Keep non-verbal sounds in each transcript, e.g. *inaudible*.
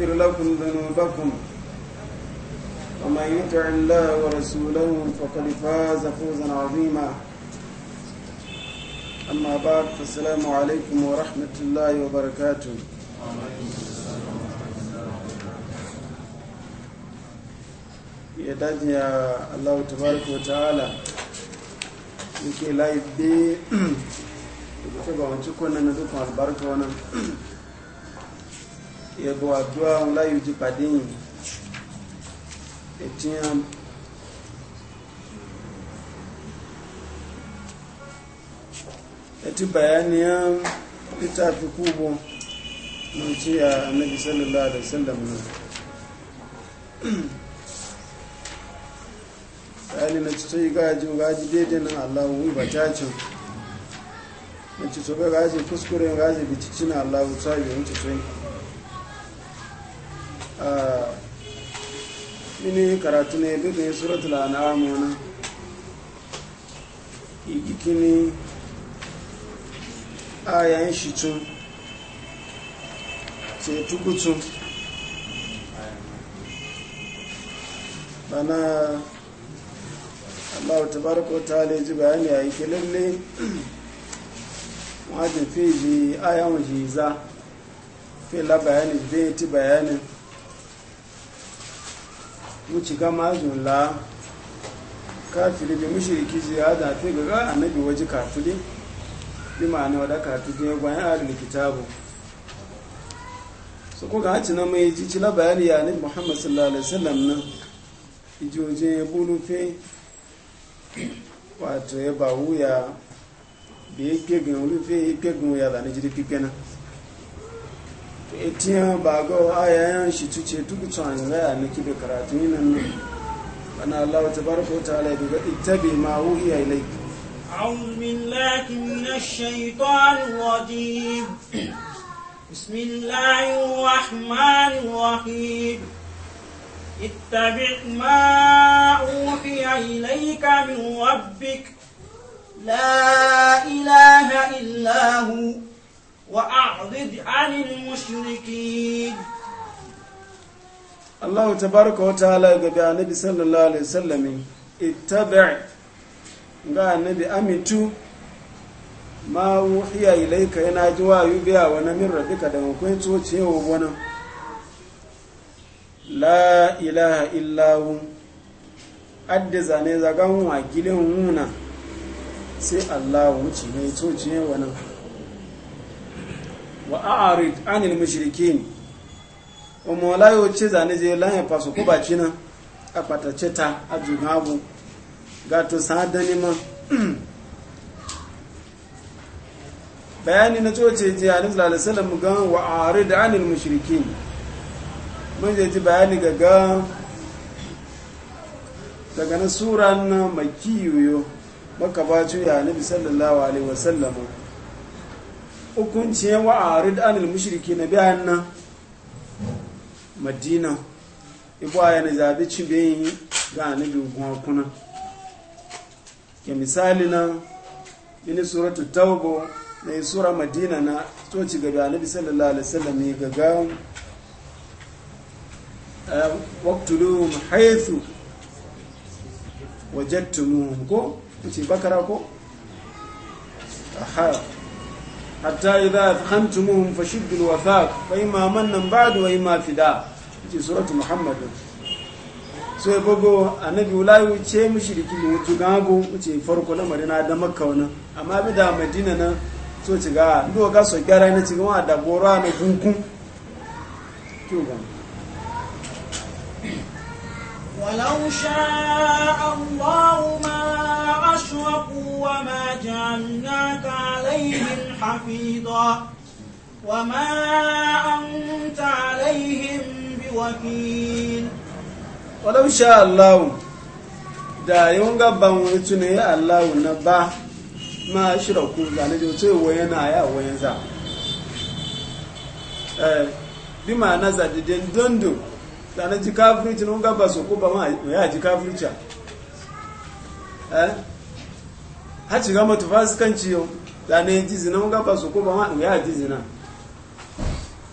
يغفر لكم ذنوبكم ومن يطع الله ورسوله فقد فاز فوزا عظيما أما بعد فالسلام عليكم ورحمة الله وبركاته يدد يا الله تبارك وتعالى لكي لا يبدي يبتبع ونشكونا نذوق البركة ونشكونا yẹ̀bù àdúrà òun láyò jí pàdé yìí ètìyàn ẹtì kubo na ce a annabi sallallahu alaihi wasallam ne bayani na cikin gaji gaji daidai na allahu na cikin gaji kuskuren gaji bicicin allahu ta yi wuce Ah, mini karatu ne duka yi suratul an'am na igikini ayan shitun sai tukutun bana Allah tabaraka ta ta'ala ji bayani a yake lalle wajen fi ji ayan wajiza fi la bayani bayanin wuce gama la kafiri bi mushriki ziyada fi ga annabi waje kafiri bi ma'ana wada kafiri ya a arin kitabu su ko ga hacci na mai jici cila bayani ya annabi muhammad sallallahu alaihi wasallam na ijoje ya fi wato ya ba wuya da ya kegun rufe ya kegun wuya da na jiri kenan etiyan bago ayayan shi tuce duk tsanin ya na kibe karatu ni nan ana Allah tabaraka wa ta'ala daga ittabi ma wuhiya ilayk a'udhu billahi minash shaitanir rajim bismillahir rahmanir rahim اتبع ما أوحي إليك من ربك لا إله إلا هو وأعرض ta barka الله تبارك وتعالى قال النبي صلى الله عليه وسلم اتبع قال النبي أمتو ma wuhiya ilaika yana ji wayu biya wani min rabbika da makwai tsocewa wani la ilaha illahu adda zane zagan wa gilin wuna sai allah wuce mai tsocewa wani wa a'arid anil mushrikin o mo la yo che zane je la he baci ko a patace ta a jihabu ga to sadani ma bayani na coci ji a nufin alisalam gan wa a hari da anil mashiriki mun je ji bayani ga daga na sura na makiyoyo maka ba cuya a nufin sallallahu alaihi wasallam hukuncin wa a ridanil mushriki na biyan nan madina ibu aya na zaɓi cibiyin ga annabi kuna ke misali nan ini suratu taubo na yi sura madina na toci gaba annabi sallallahu alaihi wasallam ya gaga eh, haithu wajen wajadtumuhum ko ce bakara ko a haifu hatta yi afkhamtumuhum fashiddu alwathaq fa imma mannan ba'd wa imma fida ji suratu muhammad so ya gogo annabi ulai wuce mushriki ne wuce gago farko na madina da makka wannan amma bi da madina na so ci ndo ga so gyara na ci wa da gora na gunkun ولو شاء الله ما أشركوا وما جعلناك عليهم حفيظا وما أنت عليهم بوكيل ولو شاء الله da yawan gaban wani tuni ya Allah na ba ma shiraku zane da wato wayan na ya wayan za na zadidin dundun zane ji kafirci nun gaba su ko ba ma ya ji kafirci eh ha ci gama tufasikanci yau zane ji zina sokoba ma ya ji zina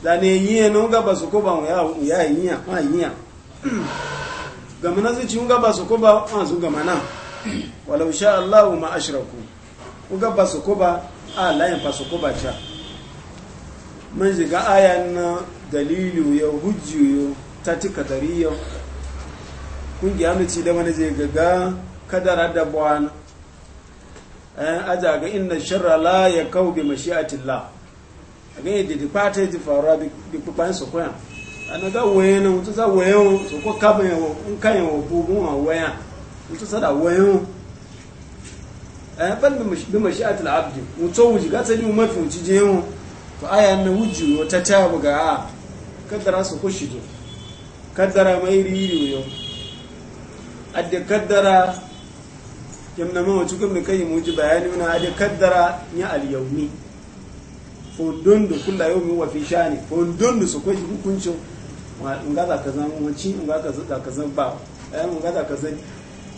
zane yiye nun gaba su ko ma ya yiya ma yiya gama na zuci nun gaba su ko ba ma su gama Allah ma ashraku ku gaba sokoba a layin fa su ko cha mun shiga ayan na dalilu ya ta ci kadariya kungiya mu ci da wani zai gaga kadara da buwana ayan eh, aja ga inna sharra la ya kawo bi la. a ga yadda da fata ji faruwa bi kubayin su a na ga wayan mutu za wayan su ko kabin yawo in kan yawo bubun a wayan mutu sada wayan ayan eh, ban bi mashi'atil abdi mutu wuji ga sani mafi wuci je to aya na wuji wata ta buga a kadara su ko shi je kaddara mai riri yo adda kaddara yamna mawa cikin kuma kai mu bayani na adda kaddara ya al fondon da yau mai wafi sha ne fondon da su kwaji hukuncin in ga zaka zama wacce in ga ka zama ba eh, ayan mun ga ka zan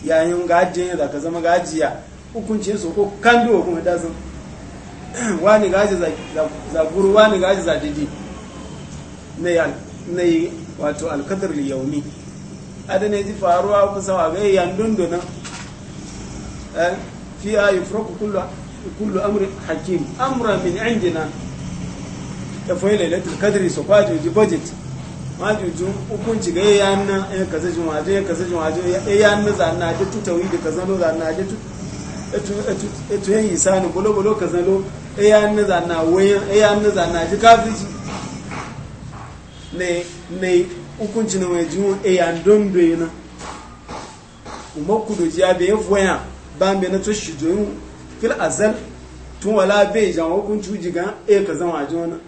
yayin gaje zaka zama gajiya hukuncin su ko kando kuma dazin *clears throat* wani gaji za guru wani gaji za didi na yi wato alkadar yaumi adana ji faruwa kusa wa ga yandun dona fi a yi furaku kullu amri hakim amra min indina ta fai lailatul kadri su kwajo ji budget majuju hukunci ga yayan nan ya eh, kaza jumaje ya kaza jumaje eh, yayan nan za na ji tutawi da kaza lo za na ji etu etu eh, etu yi sanu bolo bolo kaza lo yayan nan za na wayan yayan nan za na ji kafirci na hukunci na mai jiwon eya dondo yana umar kudu jiya bai voya ba mai na to shi joyin fil azal tun wala bai jan hukunci jigan e ka zama jona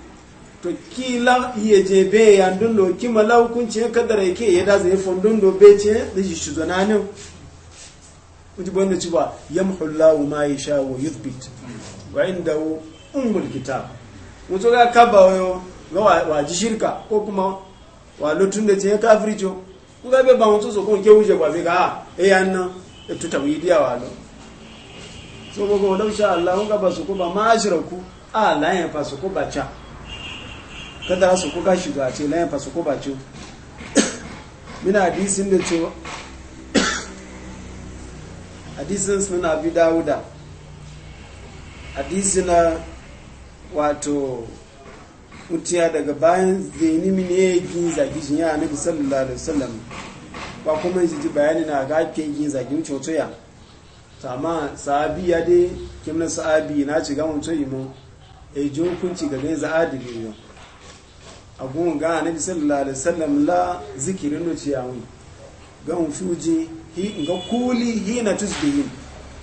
to kila iya je bai ya dondo kima la hukunci ya kadara ke ya da zai fon dondo bai ce da shi shizo na ne kuji banda ci ba yamhu Allahu ma yasha wa yuthbit wa indahu umul kitab mutu ga kabawo ga wa ji shirka ko kuma wa lutun da ce kafirjo ko ga be ba mutu so ko ke wuje ba be ga e eh, yan nan e tuta widiya wa lo so go go sha Allah ga ba su ko ba ma ashraku a ah, la fa su ko ba cha kada su ko ga shiga ce la fa su ko ba ce *coughs* mina hadisin da ce *coughs* hadisin sunan abi dawuda na wato mutiya daga bayan zeni ne ya yi zagi shi ya nabi sallallahu alaihi wasallam ba kuma yi ji bayani na ga ke yi zagin cocoya ta ma sahabi ya dai kimna sahabi na ci ga mutum yi mu e eh, ji hukunci ga gaisa adili ne a gun ga nabi sallallahu alaihi wasallam la zikirin no ya mu ga mu fuji ga kuli hi na tusbihin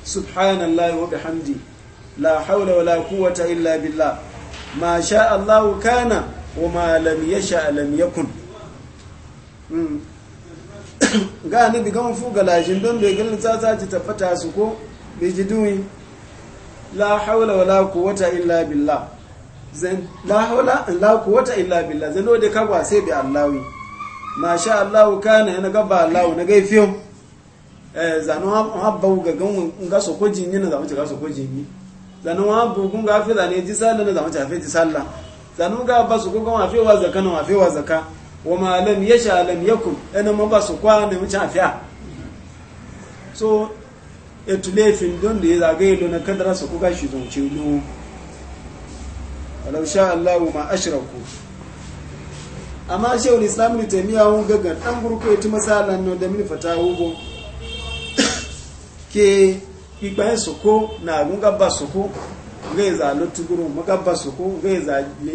Subhanallah, wa bihamdi la haula wa la quwwata illa billah ma sha Allahu kana wa ma lam yasha lam yakun hmm. *coughs* ga ni diga fuga lajin don bai galin tsatsa ta fata su ko bai ji duwi la haula wala quwwata illa billah zan la haula la quwwata illa billah zan dole ka ba sai bi Allahu ma sha Allahu kana na gaba Allahu na gaifiyo eh zanu habba ga gan ga sokoji ni na zamu ci ga sokoji ni zanu wa bugun ga fi zane ji sallah na zama tafe ji sallah zanu ga ba su ko wa fiwa wa zaka na wa fi wa zaka wa ma lam yasha lam yakun ana ma ba su kwa ne mu tafiya so etule fin don da ya zagaye don na kadara su kuka shi ce lu walau sha Allah ma ashraku amma shehu islam ne taimiya wun gaggar dan gurko ya ti masalan no da min fata hugo *coughs* ke kikpahe soko na agun ba soko ngeza lo tuguru maga ba soko za le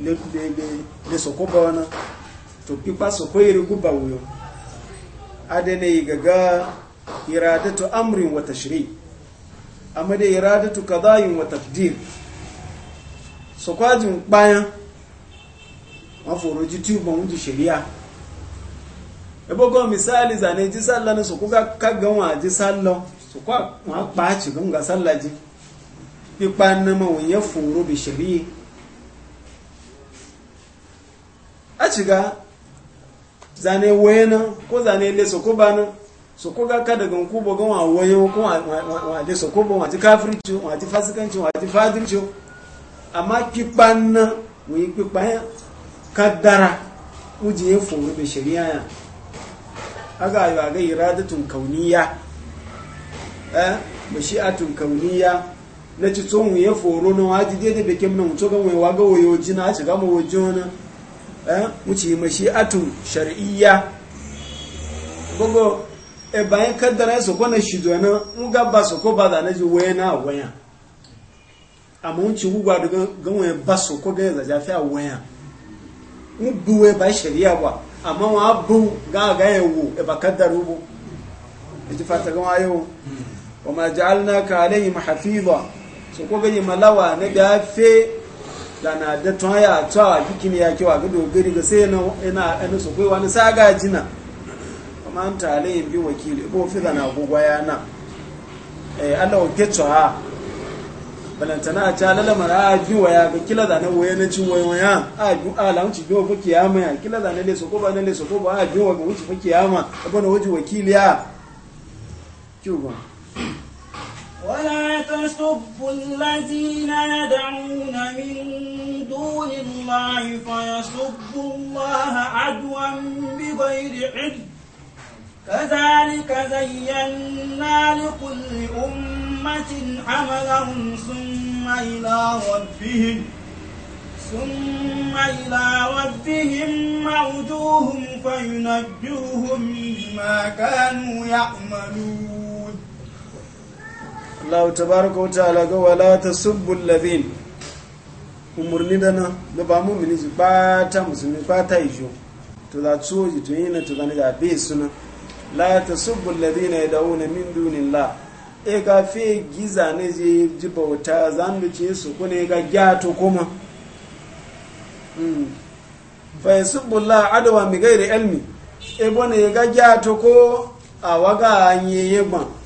le le le soko ba wana to kikpa soko yiri guba wuyo adene igaga iradatu amrin wa tashri amma dai iradatu qada'in wa taqdir soko ajin bayan wọn fòrò jí ji shari'a oúnjẹ ṣèlíà ẹgbọ́gbọ́n misali zane jísà soko ga kagan wa àjísà lọ so kwa kpa kpaci gan ga sallaji pipa na ma won ya furo bi shari'i a ciga zane na ko zane le so ko bana soko ga ka daga ku bo gan wa wayo ko wa le so ko bo wa ti kafirci wa ti fasikanci wa ti fadirci amma pipa na won yi pipa ya kaddara uji ya furo bi shari'a ya aga yi ga iradatun kauniya eh mashi'atun kauniya na ci tsohon foro na waji daidai da kim na mutu gan waga wayoji na eh, ci gama wajo na eh wuce mashi'atun shar'iyya gogo e bayan kaddara su ko na shido na mu gaba su ko ba da na ji waya na waya amma mun ci gugwa da gan ba su ko ga za a waya mu buwe ba shari'a ba amma wa bu ga ga yawo e eh, ba ji fata wa ma ja'alna ka alaihim hafiza so ko ga malawa na da fe da na da ton ya ta bikin ya kewa ga dogari ga sai na ina ina so kai wani saga jina amma an ta alaihim bi wakili ko fi da na gogwa yana eh Allah ke tsaha balantana ta lalamar a ji waya ga kila da na waya na cin waya waya a ju ala wuce biyo fa kiyama ya kila da na le soko ba na le soko ba a ju wa ga wuce fa kiyama abana wuce wakiliya kyuba ولا تسبوا الذين يدعون من دون الله فيسبوا الله عدوا بغير علم كذلك زينا لكل أمة عملهم ثم إلى ربهم ثم إلى ربهم مرجوهم فينبئهم بما كانوا يعملون Allah tabaraka wa ta'ala ga wala tasubbul ladhin umurni dana da ba mu mini ji bata musulmi bata ijo to da ji to yana to gani da be suna la tasubbul dawo yad'una min dunillah e ga fi giza ne je ji bauta zan da ce su kune ga gyato kuma hmm. fa la adwa mi ghairi ilmi e bone ga gyato ko a waga anye yeban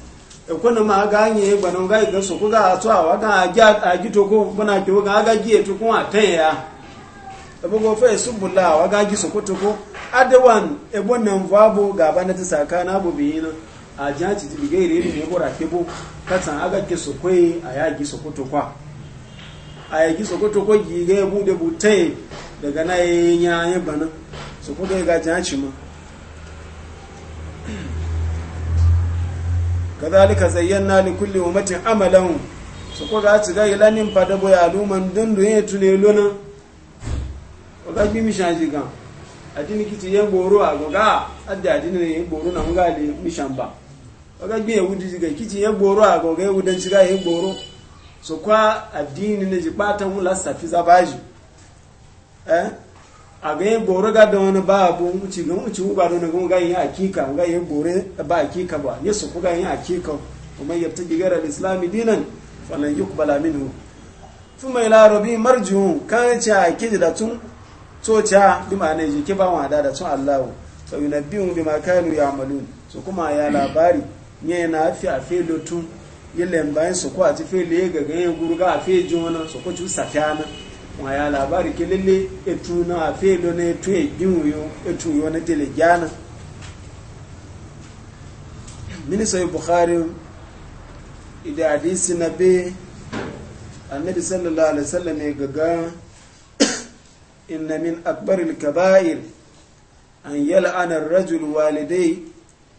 ekona ma ganye gbanu ga igan so kuga ato awa ga aja ajito ko bana ke ga ga giye to kun aten ya ebogo fe subula awa ga aji so e, toko, to ko adewan ebona mvabo ga bana ti saka na bo bi na aja ti ti ga ire ne bora kebo katan aga ke so ko aya gi so toko to kwa aya gi so ko to ko gi ga bu de bu te daga na yanya bana so ko ga ga jachi ma kadhalika zayyana li kulli ummatin amalan su ko za su ga ilanin fada boya aluman dundun ya tule lona o ga bi mi shanji ga adini kiti ye goro da adi ne yin goro na nga le mishan ba o ga gbe ewudi ga kiti yin goro agoga ewudan ci ga ye goro so kwa adini ne ji patan mu la safiza baji eh a ga yin bore ga da wani ba abu wuce ga wuce ba da wani ga yin hakika ga yin bore ba hakika ba ya su ga yin hakika kuma ya ta gigara islami dinan falon yi kubala minhu fi mai larobi marjihun kan ce a kiji da tun tsoca bi ma ne jike ba wada da tun allahu sau na biyun bi ma kainu ya malu su kuma ya labari ne na fi a felo tun yi lambayin su ko a ti felo ya yin gurga a fejin wani su ko ci safiya na wa ya labari ke lalle etu na a felo na etu e yiwuyo etu yi wani tele gyana minisa yi bukhari idan hadisi na be annabi sallallahu alaihi wasallam ya gaga inna min akbaril kaba'ir an yal'ana ar-rajul walidai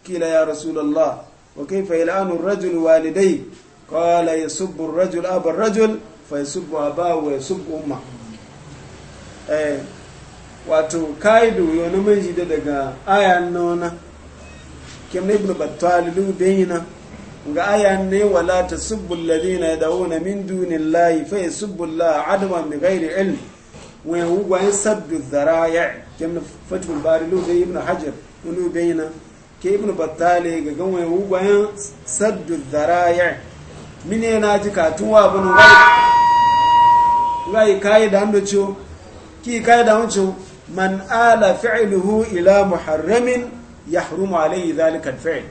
kila ya rasulullah wa kayfa yal'anu ar-rajul walidai qala yasubbu ar-rajul aba ar-rajul fa yasubbu aba wa yasubbu umma eh wato kaidu yana na manji da daga ayan nona kim ibn battal lu bayina ga ayan ne wala tasubbu alladhina yad'una min dunillahi fa yasubbu allaha adwan bighairi ilm wa huwa yasabbu dhara'i kim fatul bari lu bayin ibn hajar lu bayina ke ibn battal ga ganwa huwa yasabbu dhara'i mine na ji katun wa bunu rai kai da hando ciwo ki kai da hunci man ala fi'iluhu ila muharramin yahrumu alayhi alayi al fi'il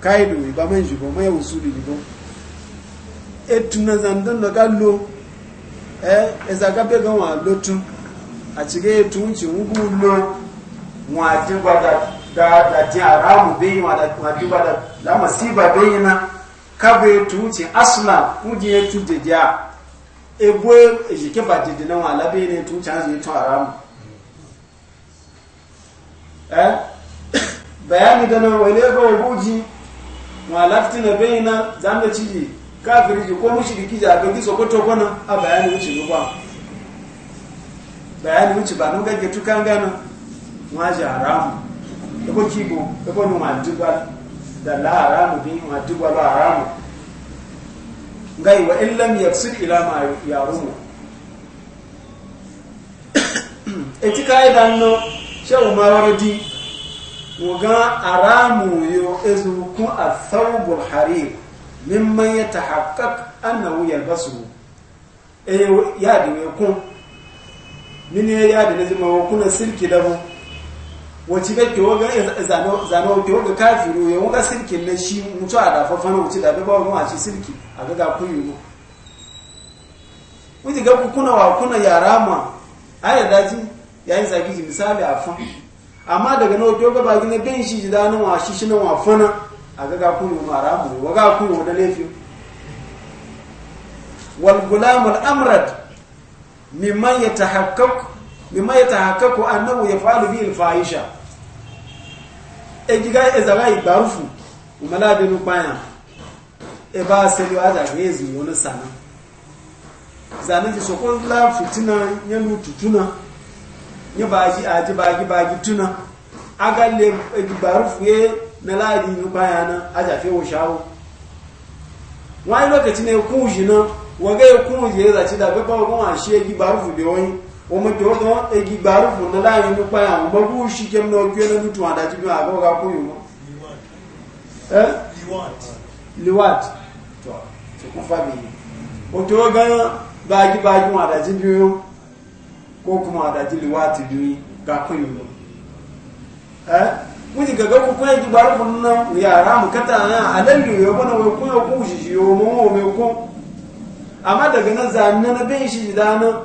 kai da ba man jibo mai usuli jibo e na zandun da gallo eh ezaga pe gan wa lotun a cige etu wuce wugu lo wa ti gwada da da ti aramu bayi wa da wa ti gwada la masiba bayina kabe tuci asna kuje etu tuje ja ebo jike ba jide na wala e? *coughs* be ne tuci an zai tara mu eh bayani da nan wale ga wuji wala fitina baina zanda ciji kafiri ji ko mushriki ja ga gizo ko to kona a bayani wuce ba bayani wuce ba nun gagge tukan gano ma jaramu ko kibo ko nun ma duba dalla haramu bi ma tuba la haramu ngai wa illam yaksik ila ma yarumu *coughs* kai dan no shehu mawardi woga haramu yo ezukun athawbul harir mimma yatahaqqaq annahu yalbasu e ya diwe kun mini ya diwe zuma kuna silki mu. wace ga ke waga zane wa ke waga kafiru ya wuga sirkin na shi mutu a dafafan wuce da bai bawa wace sirki a gaga kuyi mu wuce ga kuna wa kuna yara ma a yi daji ya yi zagi misali a fan amma daga na wato gaba gina bin shi ji danin wa shi shi na wa fana a gaga kuyi mu a ramu ga kuyi mu na laifin wal gulamul amrad mimman yatahaqqaq mimma yatahaqqaqu annahu yaf'alu bihi al-fahisha ejiga ezaga ibarufu umala binu kwanya eba selu wa daga ezu wani sana zane ji sokon la fitina ya lutu tuna ya baji aji baji baji tuna aga le ibarufu ye na ladi ni kwanya na aja fe wo shawo wani lokaci ne kuji na waga ya kuma je zaci da gaba wa kuma shi ya gibarufu da wani omo jodo egi gbaru fun na layin pa àwọn mo bu shi jem no gbe no tu ada ti bi ga ku yun eh liwat liwat to se ku fa bi o to ga ba ba ju ti bi yun ko kuma ada ti liwat bi ga ku yun eh wuni gaga ku ku egi gbaru na ya ram kata na eh, alallu yo bona wo ku yo ku shi yo mo mo me ko amma daga nan zanna na bin shi dana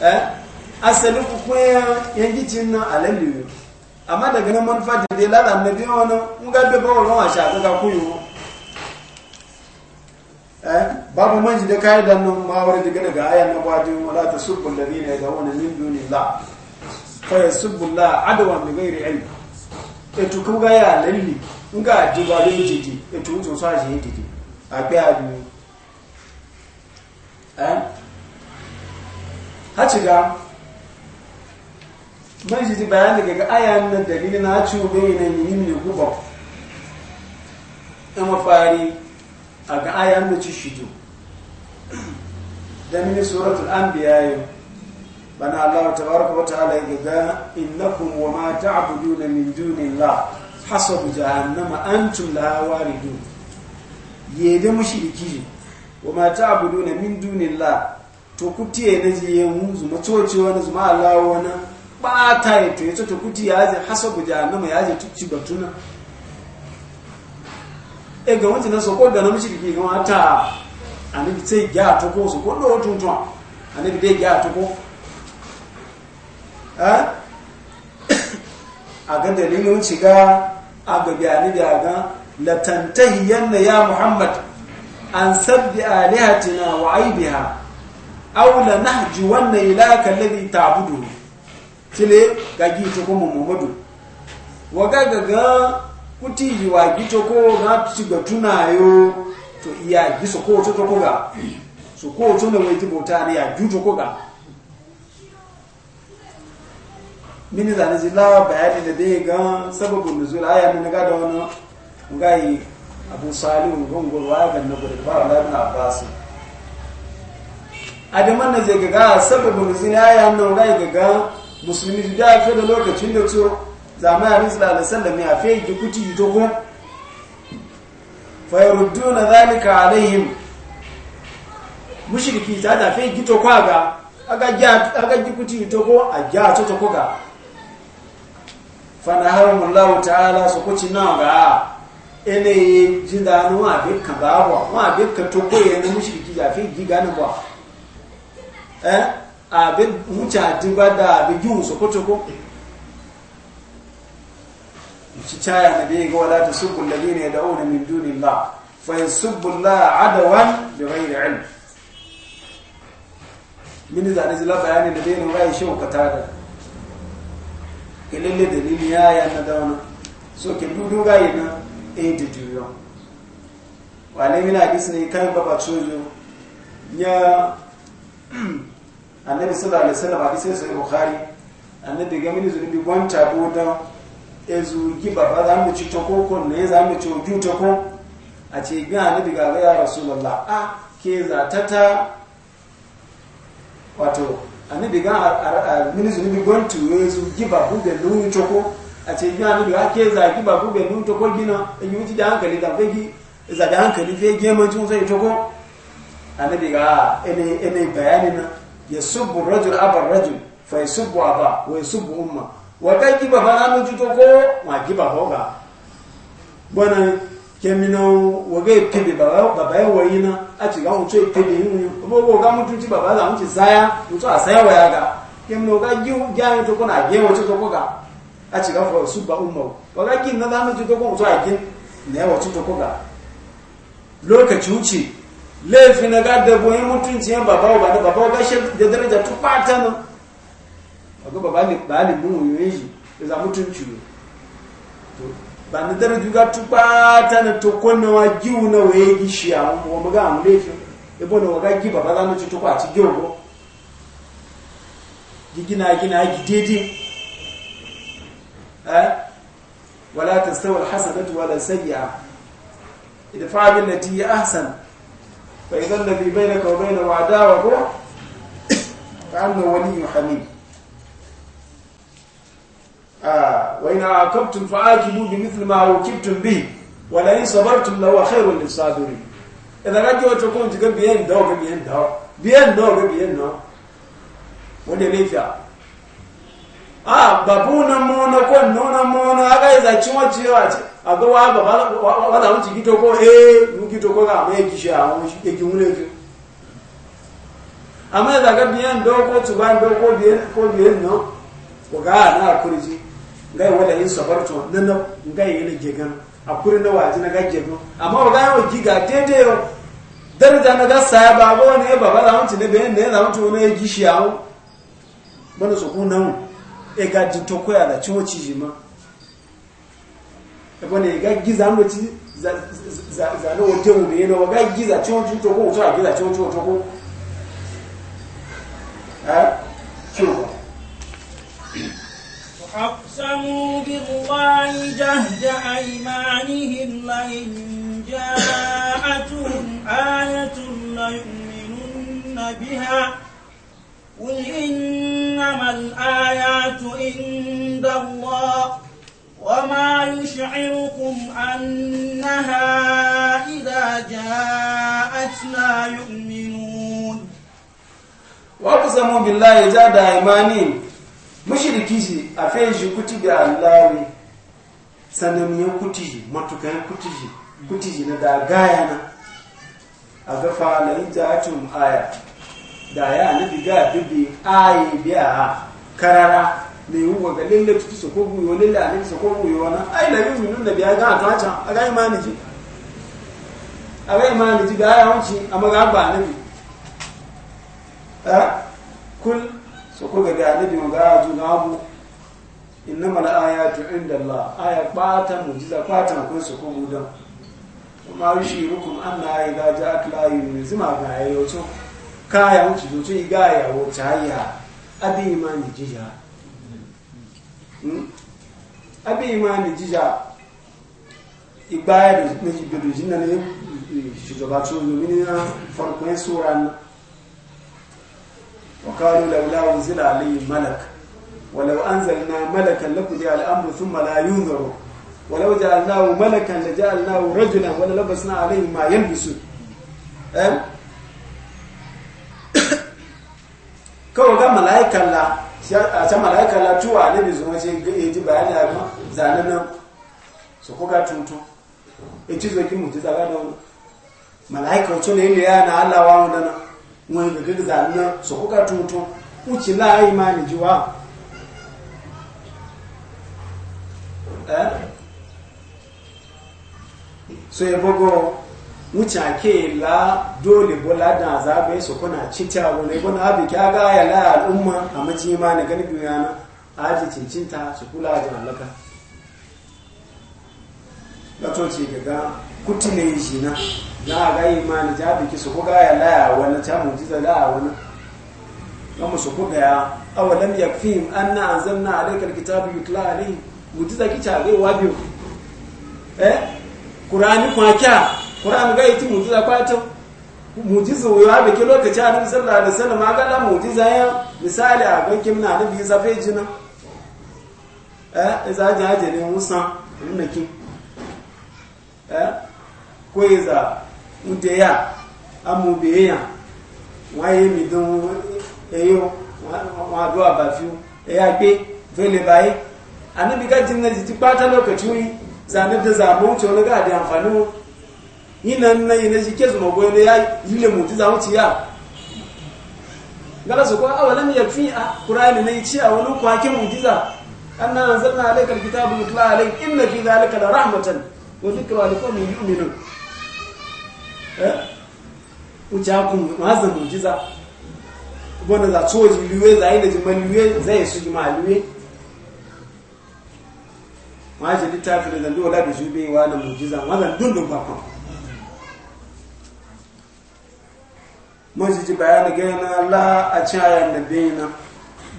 asali eh? asalin ku koya yangicin nan alalliyo amma n'a nan manufa da dai lada na biyu wani muga da bawa ga kuyo eh babu manji da kai dan nan ma wani daga daga ayan na bwaji wala ga alladhina yad'una min dunillah fa yasubbu allah adwan bi ghairi ilm e ya lalli ji ba jiji e sa ji jiji a a eh haciga ga man shi ji ga daga ayan nan dalilin na ci ube ne ne guba in mafari a ga ayan da ci shido da mini suratul anbiya yau bana Allah tabaraka wa ta ya ga innakum wa ma na min dunillah hasabu jahannama antum laha waridun yede mushriki wa ma na min la? to kuti na ji yin zuma coci wani zuma alawo wani ba ta yi to yato to kuti ya ji haso bu jahannama ya ji tukci batuna e ga wancan so ko da na mishi kike gama ta anabi sai gya to ko so ko do tuntun anabi dai gya to ko *coughs* a ga dalilin ga a ga biyani da ga na ya muhammad an sabbi alihatina wa aibiha aula aw la nahjuwanna ilaka budu ne tile ga gito ko muhammadu waga gaga kuti wa gito ko na ci ga tunayo to iya giso ko to to koga so ko to ne waiti bota ne ya juto koga mini da ne zila bayani da dai ga sababin nuzul aya ne ga da wannan ngai abu salihu gongo wa ga ba gurbara na abbas adaman na zai gaga sababin zina ya hannun rai gaga musulmi su da fi da lokacin da su zama ya rinsu da da ya fi yi kuti yi dogo fayarudu na zalika alaihim mushriki ta da fi a ga, aga gi kuti yi dogo a ga a to koga fana haramun lawu ta'ala su kuci nawa ga ene yi jidanu wa bi kan ba wa bi kan to koyi na mushriki ya fi giga na ba eh abin mucha adiba da abin yun so ko ko shi caya na bai ga wala tasubbu alladhina yad'una min dunillah fa yasubbu allaha adawan bighayri ilm min da ne zila bayani da dai ne wai shi ka tada kelele dalili ya ya eh, na da wani so ke dudu ga yi na e da juyo wale mina hadisi ne kai baba chojo ya *clears throat* annabi sallallahu alaihi wasallam hadisi sai bukhari annabi ga mini zunubi gwanta boda ezu giba ba za mu ci tako ko ne za mu ci oju tako a ce ga annabi ga ga rasulullah a ke za ta ta wato annabi ga mini zunubi gwantu ezu giba bu da lunyu tako a ce ga annabi ga ke za giba bu da lunyu tako gina yi ji da hankali da fegi za da hankali fegi mai tun sai tako annabi ga ene ene bayanin nan yasubbu rajul abar rajul fa yasubbu aba wa yasubbu umma wa kai kiba bana mun tuto ma kiba hoga bana kemino wa ga pibi baba baba ya wayina a ci ga mun ce pibi mun bo bo ga mun tuti baba za mun ci saya mun asaya wa ya ga kemino ga gi ga to ko na ge wa tuto ko ga a ga fa yasubba umma wa ga gi na za mun tuto ko mun to a gi ne wa tuto ko ga lokaci wuce laifin na bu yin mutunci yan baba wa da baba wa shi da daraja tu fata nan ga baba ne ba ne mun yoyin shi da za mutunci ne to ba ni daraja ga tu fata na to konna wa giwu na waye gishi a mu mu ga amu laifin e bona wa ga gi baba za mu ci to ci ci gyogo gigina gina gidede eh wala tastawi alhasanatu wala sayyi'a idfa lati ahsan فإذا الذي بينك وبينه عداوة فأنه ولي حميم آه وإن عاقبتم فعاقبوا بمثل ما عوقبتم به ولئن صبرتم لهو خير للصابرين إذا رجعوا تكون تقول بيان دو بيان دو بيان دو بيان دو wanda laifiya a babu na mona ko nona mona aga iza chimwa chiyo ati abo wa baba wala unti kitoko eh mukitoko ka me kisha unshi ekimule kyo ama iza ga bien ndoko tuba ndoko bien ko bien no oga na akuriji ngai wala yin sabarto nana ngai yele jegan akuri na waji na gajego amma oga yo giga tete yo daraja na ga sa babo ne baba la unti ne be ne la unti ne kisha au bana sokuna ega jito da ciwo ciji ega giza za ci zane wote wube yana waga giza ciwo jito ko wuce a giza ciwo ciwo ko ha ciwo أقسموا بالله جهد أيمانهم لئن جاءتهم قل إنما الآيات عند الله وما يشعركم أنها إذا جاءت لا يؤمنون وقسموا بالله جاد إيمانهم mushrikiji a feji kuti da allawi sanamiyan kutiji matukan kutiji kutiji na dagaya na a gafa na yin aya da ya bi ga bibi bi biya karara da yi wa galin da tutu su kogu yi wani lalin su kogu yi wani ai da yi nuna biya ga a tacha a ga yi ji a ga imani ji ga ya wuce a maga ba bi eh, kul su koga ga bi maga a juna abu innama aya ayatu inda la aya bata mujiza kwata kun su kogu don kuma an na ya ga anna idza yi la zima ga yi wato kaya wuce to sai ga ya wo jaya abi imani jija hmm? abi imani jija igbaye do ni ji do jinna ni shi joba to yo mini na for queen suran wa qalu law la unzila alayhi malak wa law anzalna malakan lakuja al al'amur sun la yunzaru wa law ja'alnahu malakan la ja'alnahu rajulan wa la labasna suna ma yalbisu eh kawai ga mala'ikan la a can mala'ikan la tuwa ne bai zuwa ce ya ji bayan da ma zanen nan su kuka tuntun e ci zoki mutu tsaga da wani malaika wato ne ile ya na Allah wa wanda na mun ga gaza na so kuka tuntun uci la imani jiwa eh so ya bogo wuce ke la dole bola da zabe su kuna cita wani wani abu ki aga ya la al'umma a maji ma na gani duniya na aji cincinta su kula da halaka lato ce gaga kutune shi na na aga na ta ki su kuga ya la wani ta da la wani na musu kuga ya an yakfihim anna anzalna alaykal kitaba yutla alayhi mujiza kicha ga wabi eh qur'ani kwa kwakya. Qur'an ga yi mujiza kwatan mujiza wa ya bake lokaci a nabi sallallahu alaihi wasallam ga da mujiza ya misali a ga kimna nabi zafe jina eh za ji haje ne musa inna ki eh ko iza muteya amu beya waye mi don eyo wa do abafiu e ya gbe vele baye anabi ga jinna ji ti pata lokaci wi zanab da zabon ce wani ga da amfani ina na shi jike zuma ne ya yile mutu za wuce ya gala su kuwa awalan ya fi a ah, kurani na yi ci a wani kwakin mujiza an na zanzar na alaikar kitabu mutula in inna fi zalika da rahmatan wa zikra li qaumin yu'minun eh ujakun mazan mujiza bona za tsoji liwe za ina jiman liwe zai su jima liwe ma ji littafi da wa da jube wa na mujiza mazan dundun bakon mun ji bayani ga la a cin ayan da bayina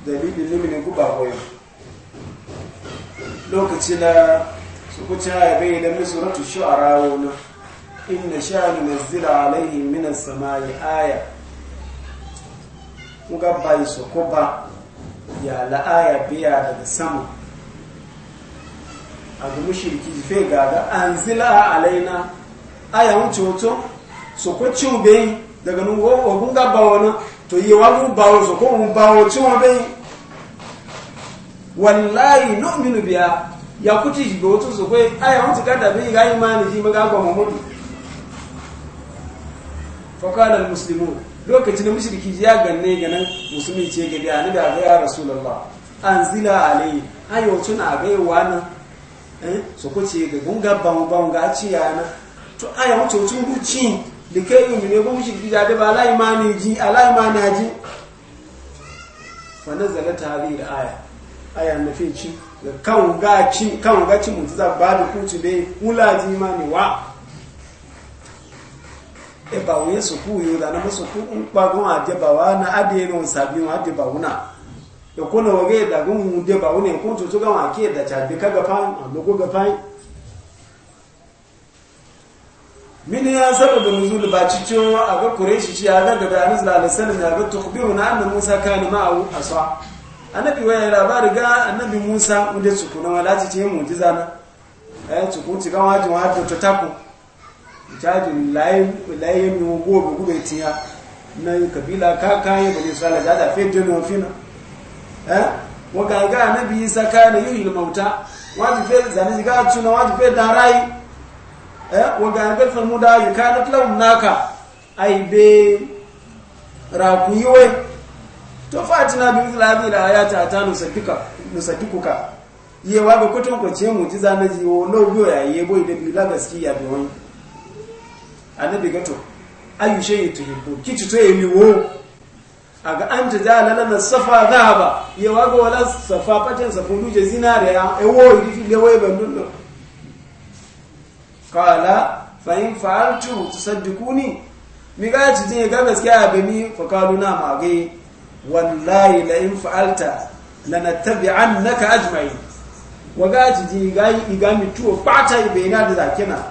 dalilin limin guba koyo lokaci na su kuce ya bayi da misuratu shu'ara na inda sha'ani na zira alaihi minan samari aya muka bai su ko ba ya la'aya biya daga sama a ga mushirki fe gaga an zila alaina aya wuce wato su ko cin daga nun wo ogun ga bawo to yi wa gun bawo so ko mun bawo ti won be wallahi nu'minu biya ya kuti ji go to so ko aya won ti ga da bi ga imani ji maga go mu fa kana al muslimun lokacin mushriki ji ya ganne ganan musulmi ce ga da ni da ga rasulullah anzila alayhi ayo tuna ga yawana eh so ko ce ga gun ga bawo bawo ga ci yana to aya won to tun ruci dìkẹ́ ìrùmì ne ogún ṣìkì jíjà dẹ́bà aláìmáni ala aláìmáni ají wọ́n zẹ̀rẹ̀ tààrí rẹ̀ aya, aya na fi ci káwọn ga mutu za ba da kutu bai ji wa e ba wuye su ku yi da na masu ku in kpagun na adiye na sabi wa dabawu ya e kuna wage da gun dabawu ne kun tutu gawa ake da cabi ka gafa a logo miniya saboda sababa nuzul ba ci a ga kureshi ci ya ga da annabi sallallahu alaihi wasallam ya ga tukhbiru na annabi Musa kana ma'ahu asa annabi waya labari ga annabi Musa inda tsuku na wala ci ce mu'jiza na eh tsuku ci ga wajin wato ta tako jaji lai lai mi wogo go gube tiya na kabila ka kai bane sala ja da fede no fina eh wa ga ga annabi Isa kana yuhil mauta wajibe zani ga tuna wajibe da rai Eh, wa gargar filmu da yi kanat lahum naka ai be rakuyiwe to fatina bi mislabi la ayata ta nusaddika nusaddikuka yewa ga kutun ko ce mujiza na jiwo no biyo ya ye boy da bi la gaskiya bi wani annabi gato ayu yi tuhibbu kici to yemi wo aga anta jala na safa dhaba yewa ga wala safa patin safundu je zinariya ewo idi fi lewe bandun qala fa in fa'altu tusaddiquni mi ga ci je ga gaskiya ga ni fa qalu na ma gai wallahi la in fa'alta lanattabi'annaka ajma'in wa ga ci je ga yi ga mi tuwo fata bai ina da zakina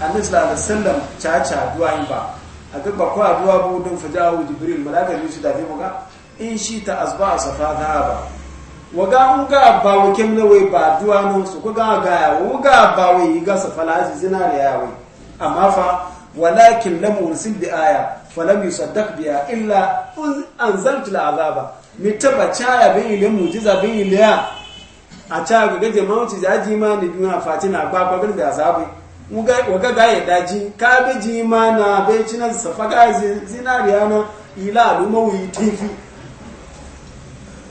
annabi sallallahu alaihi wasallam cha cha duwa in ba a duk ba kwa duwa bu don fajahu jibril malaka yusu shi da fi muka in shi ta asba safa ba. waga nga wa kem na wai ba duwa nan su ko ga ga ya waga bawe ga gasa falazi zinare ya wai, amma fa walakin lam ursil bi aya falam yusaddaq biha illa al azaba mitaba chaya bin ile mujiza bin ile a cha ga gaje mawuci ji ma ni duniya fatina ba ba bin da azabi waga ga ya daji ka bi ji ma na bai cinan safaga zinariya na ila lumawi tifi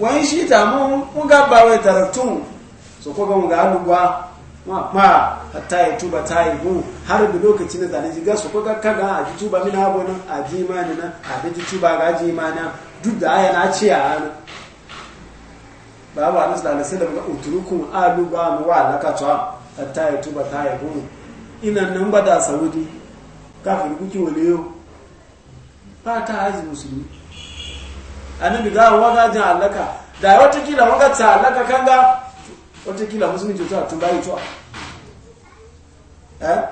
wọ́n ṣí ìtàmú wọ́n gá bá wẹ́ tàràtún sọkọ́gbọ́n wọ́n ga lùgbà wọ́n pa àtà ìtúbà tá ìbú har da lokaci na zane jiga su kaga a ji tuba mina abu nan a ji imani nan a ga ji imani duk da aya na ce a hannu babu anas da sai da muka uturukun alu mu wa alaka ta hatta ya tuba ta nan saudi kafin kuki wale yau ba ta haji annabi ga waga jin halaka da wata kila waga ta halaka kanga wata kila musulunci ta tuba yi tuwa eh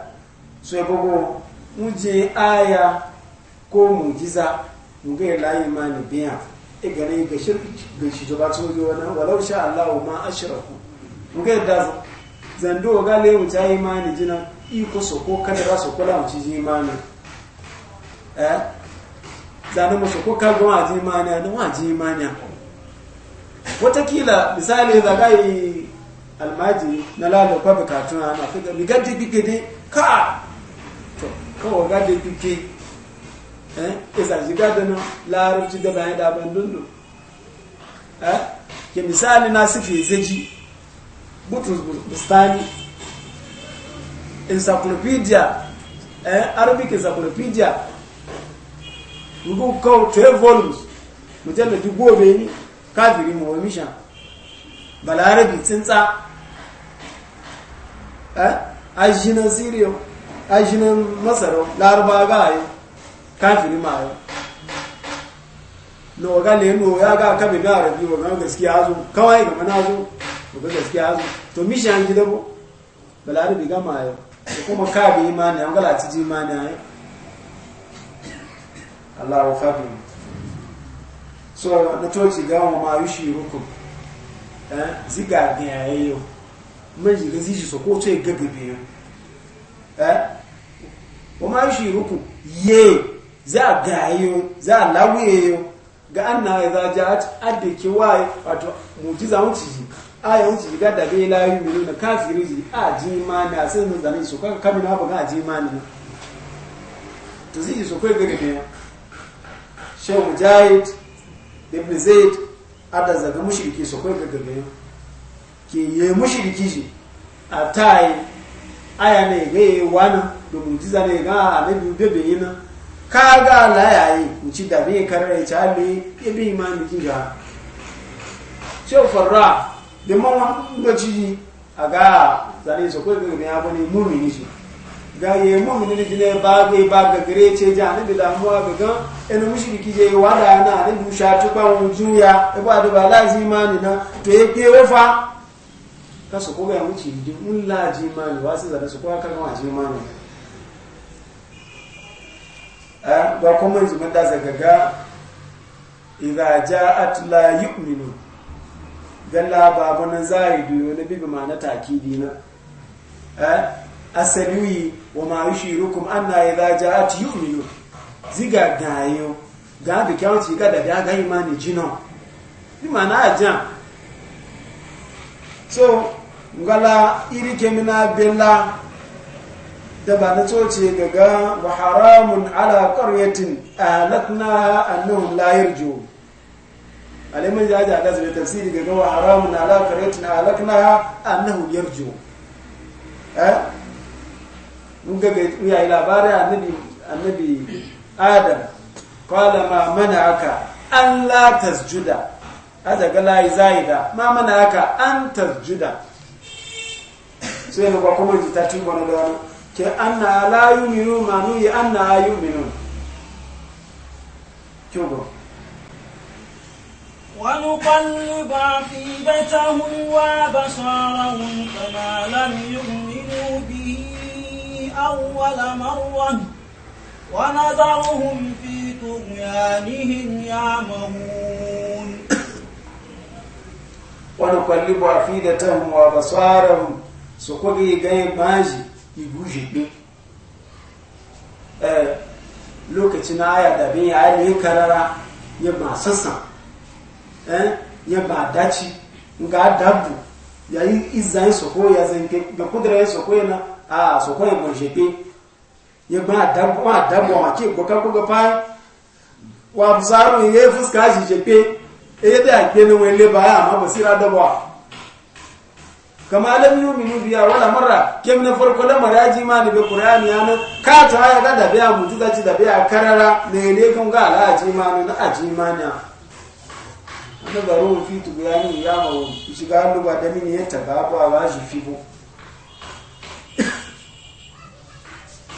so ya gogo muje aya ko mujiza muga layi ma ne biya e gare ga shirki ga shi ba to yi wannan walau sha Allah ma ashraku muga da zando ga le mu ta imani jina iko so ko kada ba so kula mu ci ji imani eh zane musu ko kaga ga waje imaniya na waje imaniya watakila misali za ga yi almaji na lalo kwa bukatu na ana figa mi gaji bi dai ka to kawo gaji kike eh isa ji gada na larabci da bayan da ban dundu eh ke misali na sifi zaji butus bustani encyclopedia eh arabic encyclopedia ngu ko 12 volumes mujalla di gobe ni kafiri mu mishan balarabi tsinsa eh ajinan siriyo ajinan masaro larba gaye kafiri ma yo no ga le no ya ga kabe ga arabi wa ga gaskiya zo kawai ga mana zo ga gaskiya zo to mishan gidabo balarabi ga ma yo kuma kabe imani an ga lati imani ayo Allah wa fabi so na toci ga mu ma yushi ruku eh ziga ga yi mun ji gazi shi so ko to ga gabe eh wa ma yushi ruku ye za ga yayo za lawe yayo ga anna idza ja'at adiki yi wato mujiza wuci aya wuci ga da yi la milu na kafiri ji a ji imani a sai mun zanin su kan kamina ba ga ji imani to zai so kai ga gabe shehu mujahid ibn zaid ada zaga mushriki su kai gagabe ke ye mushriki ji a tai aya ne ga ye wani da mujiza ne ga annabi da bai na ka ga la yayi uci da bai karare ta bi ibi imani ji ga shehu farra da mamman da ci a ga zane su kai gagabe ya bane mumini ji ga ye mu'mini ne jine ba ga ba ga gare ce ja ne da damuwa ga gan ina mushriki je wa da na ne du sha tu e ba mun juya e ba da ba lazima ne na to ye ke ka so ko ga mu ci di mun lazima ne wasu da su ko ga ne a ba ko mun da zaga ga idza ja'at la yu'minu galla babu na zaidu ne bibi ma na takidi na eh asaluyi wa ma yushirukum anna idha ja'at yu'minu ziga gayo ga bi kyan ti ga da da ga imani jino ni mana aja so ngala iri kemina bella da ba na toce daga wa haramun ala qaryatin alatna annahum la yarju alimin ya ja da zai tafsiri daga wa haramun ala qaryatin alatna annahum yarju eh mun ga yayi labarin annabi annabi adam qala ma mana'aka an la tasjuda hada ga la zaida ma mana'aka an tasjuda sai ne ba kuma ji ta tuba na dawo ke anna la yu'minu ma nu ya anna yu'minu kyogo ونقلب عقيدتهم وبصارهم كما لم يؤمنوا أول مرة ونذرهم في طغيانهم يعمهون ونقلب أفئدتهم وأبصارهم سكوكي غير ماجي يبوجي lokacin aya da bin ya yi karara ya ba sassan ya ba daci ga dabu yayi izan soko ya zanke ga kudura ya soko yana a soko ya monshepe ya ba dabu ma dabu ma ke goka ko ga fai wa busaru ya fuska shi jepe eh da ke ne wele ba ya amma basira da ba kama lam yu'minu biya wala marra kem na farko da maraji ma ne be qur'ani yana ka ta ya ga da biya mutu da ci da biya karara ne ne kan ga ala ajima ne na ajima ne na baro fi tu ya ni ya ma shiga lu ba da mini ya taka ba ba shi fi bo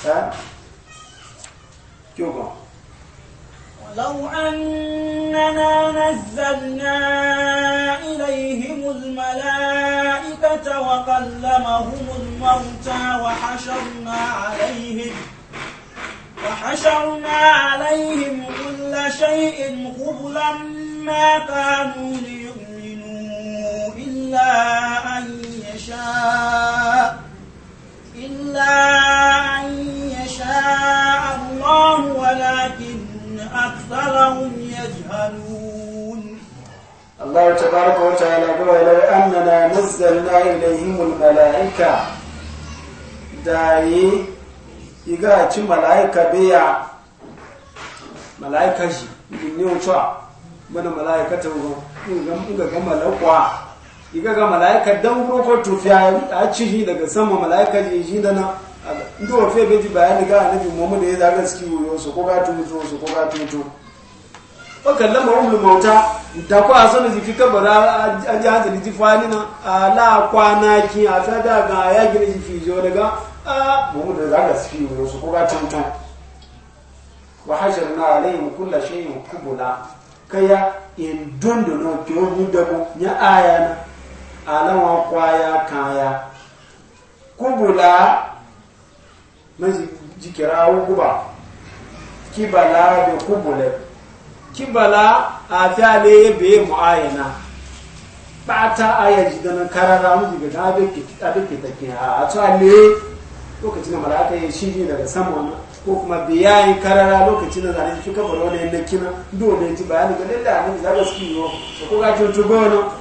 ha kyo ba ولو أننا نزلنا إليهم الملائكة وكلمهم الموتى وحشرنا عليهم وحشرنا عليهم كل شيء قبلا ما كانوا ليؤمنوا إلا أن يشاء إلا أن يشاء الله ولكن أكثرهم يجهلون الله تبارك وتعالى قال لو أننا نزلنا إليهم الملائكة داي يقاتل ملائكة بيع ملائكة جي يبنيون شعب bana malaika ta wo ga ga malakwa iga ga malaika dan ko ko tufiya a ci daga sama malaika ji ji na ndo wa fe beji bayani ga annabi Muhammad ya zaga ski uyo so ko ga tumuto so ko ga tumuto wa kallama umul mauta da ko asanu ji fika bara aji hazali ji fani na ala kwana ki a ta da ga ya gina ji fi jo daga a Muhammad ya zaga ski yo so ko ga mutu wa hasharna alaihim kullu shay'in kubula kaya in dondo no ke o ni nya aya na ala wa kwaya kaya kubula mazi jikira o kuba kibala do kubule kibala afale be na bata aya jidan karara mu diga da be ke ta ke a to ale lokacin da malaka ya shi daga sama ko kuma yi karara lokacin da zane fi kafa wani yadda kina dole ji bayani ga lalle da za ga suke yiwo so ko ga cutu gono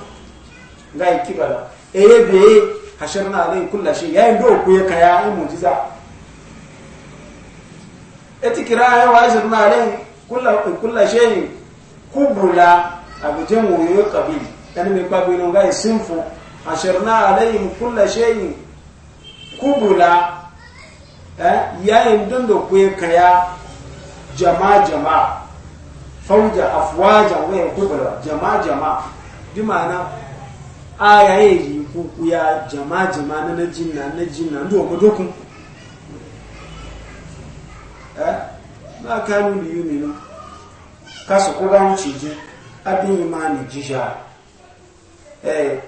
ga yi kibala eye biye hashar na zai kulla shi yayin do ku ya kaya in mujiza eti kira ya wa hashar na zai kulla kulla shi kubula abujen wuyo kabili ɗan mai kwabi ga yi sinfo hashar na zai kulla shi kubula Eh? yayin don da kuwa kaya jama jama fauja afwaja wayan kubra jama'a jama jama ma'ana a yayin yi kuku ya jama jama na na jinna na jinna ndo eh? mu dokun eh ma kanu na yumi no kaso ko gawo ji abin imani jija eh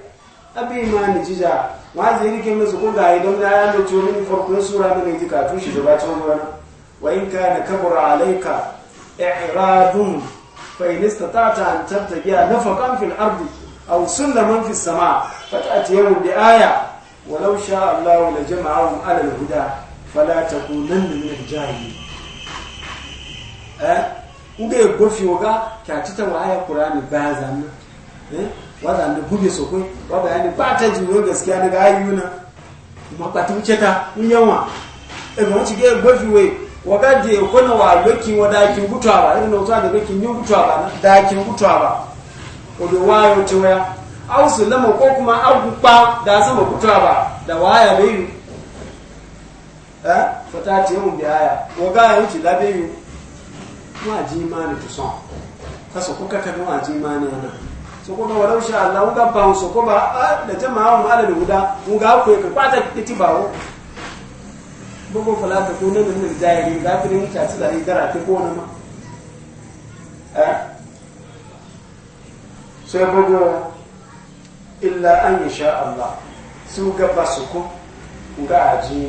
abin imani jija ma zai rike mai su kunga yi don ya da tuni farkon sura da mai zikatu tushe da bacin wani wa in ka na kabura alaika i'radun fa in istata'ta an tabtagiya nafaqan fil ardi aw sullaman fis sama fa ta'tiyahu bi aya walau sha Allah la jama'ahum ala al huda fala takunanna min al jahilin eh uge gofi waga kyatita wa aya qur'ani ba zamu eh wadda da buge sokoi wadda ya ne ba ta jiro gaskiya daga ayyuna makwatin ceta in yawa ebe wacce ga gwafi wai waga da ya kona wa lokin wa dakin gutuwa ba irin nautuwa da lokin yin gutuwa ba na dakin gutuwa ba wadda wayo ce waya au su lama ko kuma an gugba da sama gutuwa ba da waya bai yi eh fata ce mun da aya waga ya da bai yi ma ji ma ne tuson kasa kuka ta ma ji ma ne na soko ga walau sha Allah ga ba soko ba da jama'a mu ala da guda mu ga ku ka kwata bawo bugo fala ta ko nan nan jahiri ga ta ta ci da ta ko nan ma sai bugo illa an yasha Allah su ga ba soko ga aji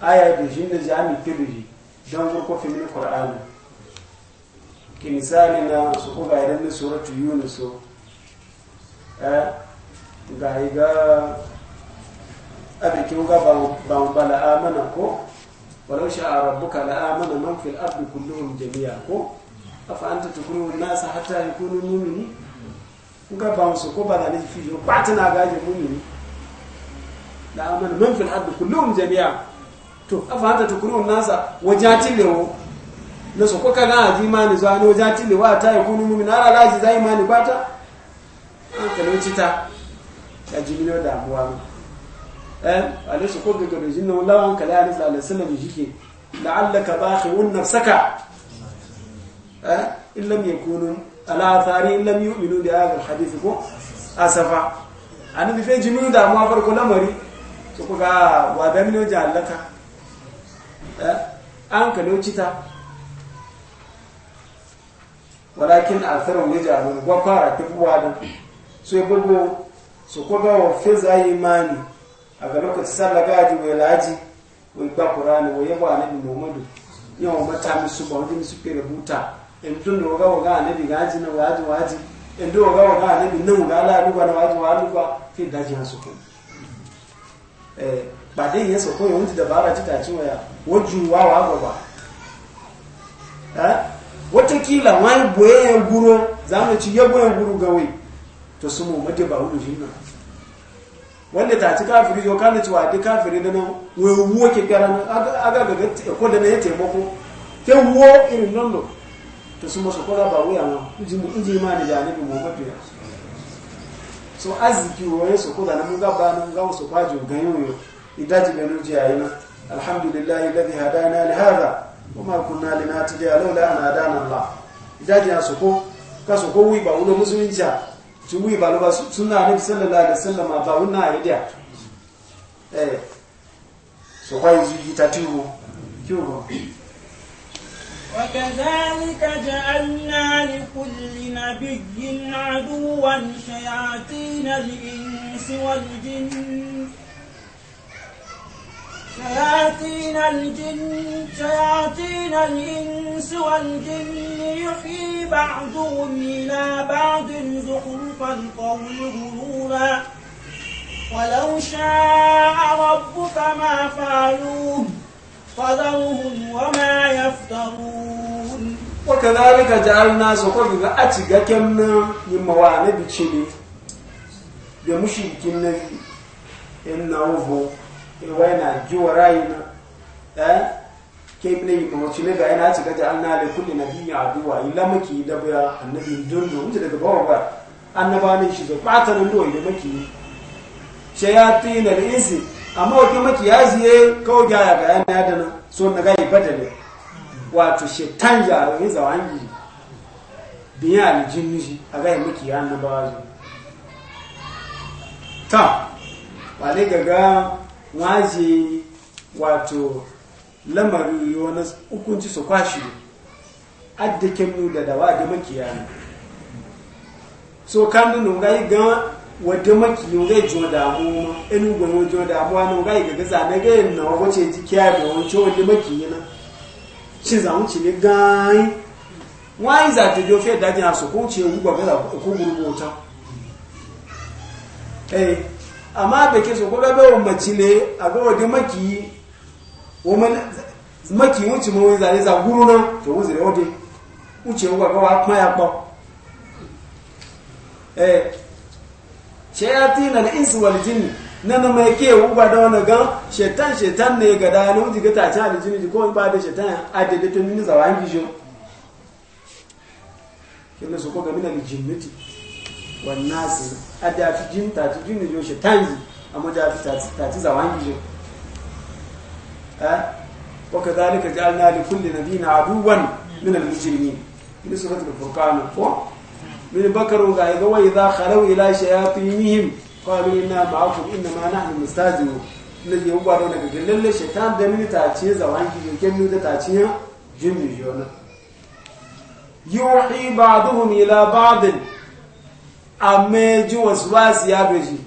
aya bi jinda jami ko fi min qur'ani ki misali na su ko ga idan suratu yunus eh ga iga abin kin ga ban bala amana ko walau sha'a rabbuka la amana man fil ardi kulluhum jami'a ko afa anta tukuru nasa hatta yakunu mu'mini kuga ban su ko bala ne fi yo patina ga je mu'mini la amana man fil ardi kulluhum jami'a to afa anta tukuru nasa wajatil lewo na su kuka ga aji ne zuwa no jati le wa ta yakunu mu'mina ala laji zai mani kwata an talauci ta ya ji miliyo eh, da abuwa eh alai su kuka ga ga jinna wallahi kala ya nisa da sallam ba ka bakhirun saka eh illam kunu ala athari illam yu'minu da hadha alhadith ko a asafa annabi fai ji miliyo da abuwa farko lamari su kuka wa da miliyo da allaka eh, an kalauci ta walakin aktharuhum yajhalun wa qara tifwadan so yebogo so koga ofeza imani agaloka tsala gaji welaji wegba qur'ani weyebo anabi muhammadu yawo matami suba wadi misupere buta entundo oga oga anabi gaji na waji waji endo oga oga anabi nan ga ala duba na waji walu ba fi daji hasuko eh bade yin so ko yonti da bara tita ciwa ya woju wa wa goba eh watakila wani boye guro za mu ci ya boye guro gawai to su mu made ba wani jinna wanda ta ci kafiri yo kana ci wadi kafiri da nan wai wuwa ke gara aga ga ko da na ya taimako ke wuwa irin nan do to su masu kola ba wuya ma ji mu inji ma da janibi mu ba fiya so aziki waye su kola na mun ga ba nan ga su fajo ganyo yo idaji ga nuji ayi na alhamdulillah alladhi hadana li hadha kuma kuna lina da laula ana dana Allah idaji ya soko ka soko wi ba wani musulunci ci wi ba ba suna nabi sallallahu alaihi wasallam ba wuna idiya eh so kwa yizu gitatiwo kyugo وكذلك جعلنا لكل شياطين الجن شياطين الإنس والجن يحيي بعضهم إلى بعض زخرف القول غرورا ولو شاء ربك ما فعلوه فذرهم وما يفترون وكذلك جعلنا زخرف أتيك كمنا مما وعنا بتشيني بمشي كمنا إنه هو wai na jiwa rayu na eh ke ibn yi kuma cile ga yana ci gaja an nale kulli nabiyyi aduwa illa maki da ba annabi dundu mun daga bawa ba annaba ne shi zo patan ruwa ile maki shayatin al-insi amma wato maki ya ziye kawo gaya ga yana da nan so na ga ibadale wato shetan ya yin zawangi biya aljinni shi a ga maki annaba zo ta wale gaga waje wato lamarin yi wani hukunci su kwashi addakin mu da dawa da makiya so kan nuna ngai ga wadda maki ngai jo damu ma enu jo damu wa ngai ga gaza na ga na wace ji kiya da wancho wadda maki yana na za mu ci ne gai wani za ta jo fe da jina so ko ce gaza ko gurbo wuta? eh amma da ke so ko gabe wa macile a ga wadin maki woman maki wuce mawai zane za guru nan to wuce da wadin wuce wa ga wa kuma ya kpa eh shayatin al-ins wal jinn nan ma yake uba da wani gan shetan shetan ne ga da nan jiga ta ta da jini ko ba da shetan a da da to min zawangi jo kene so ko ga min al-jinnati والناس أدى في جن تاتي جن جوش تاني أما جا في تاتي, تاتي زوانجي جو ها وكذلك جعلنا لكل نبي عدوا من المجرمين في سورة الفرقان فو من بكر وقال وإذا خلوا إلى شياطينهم قالوا إنا معكم إنما نحن مستهزئون nabi yau gwado daga ga lalle shaitan da mini ta ce zawan ki ke mu da ta ce jin amma ji wasu wasu ya beji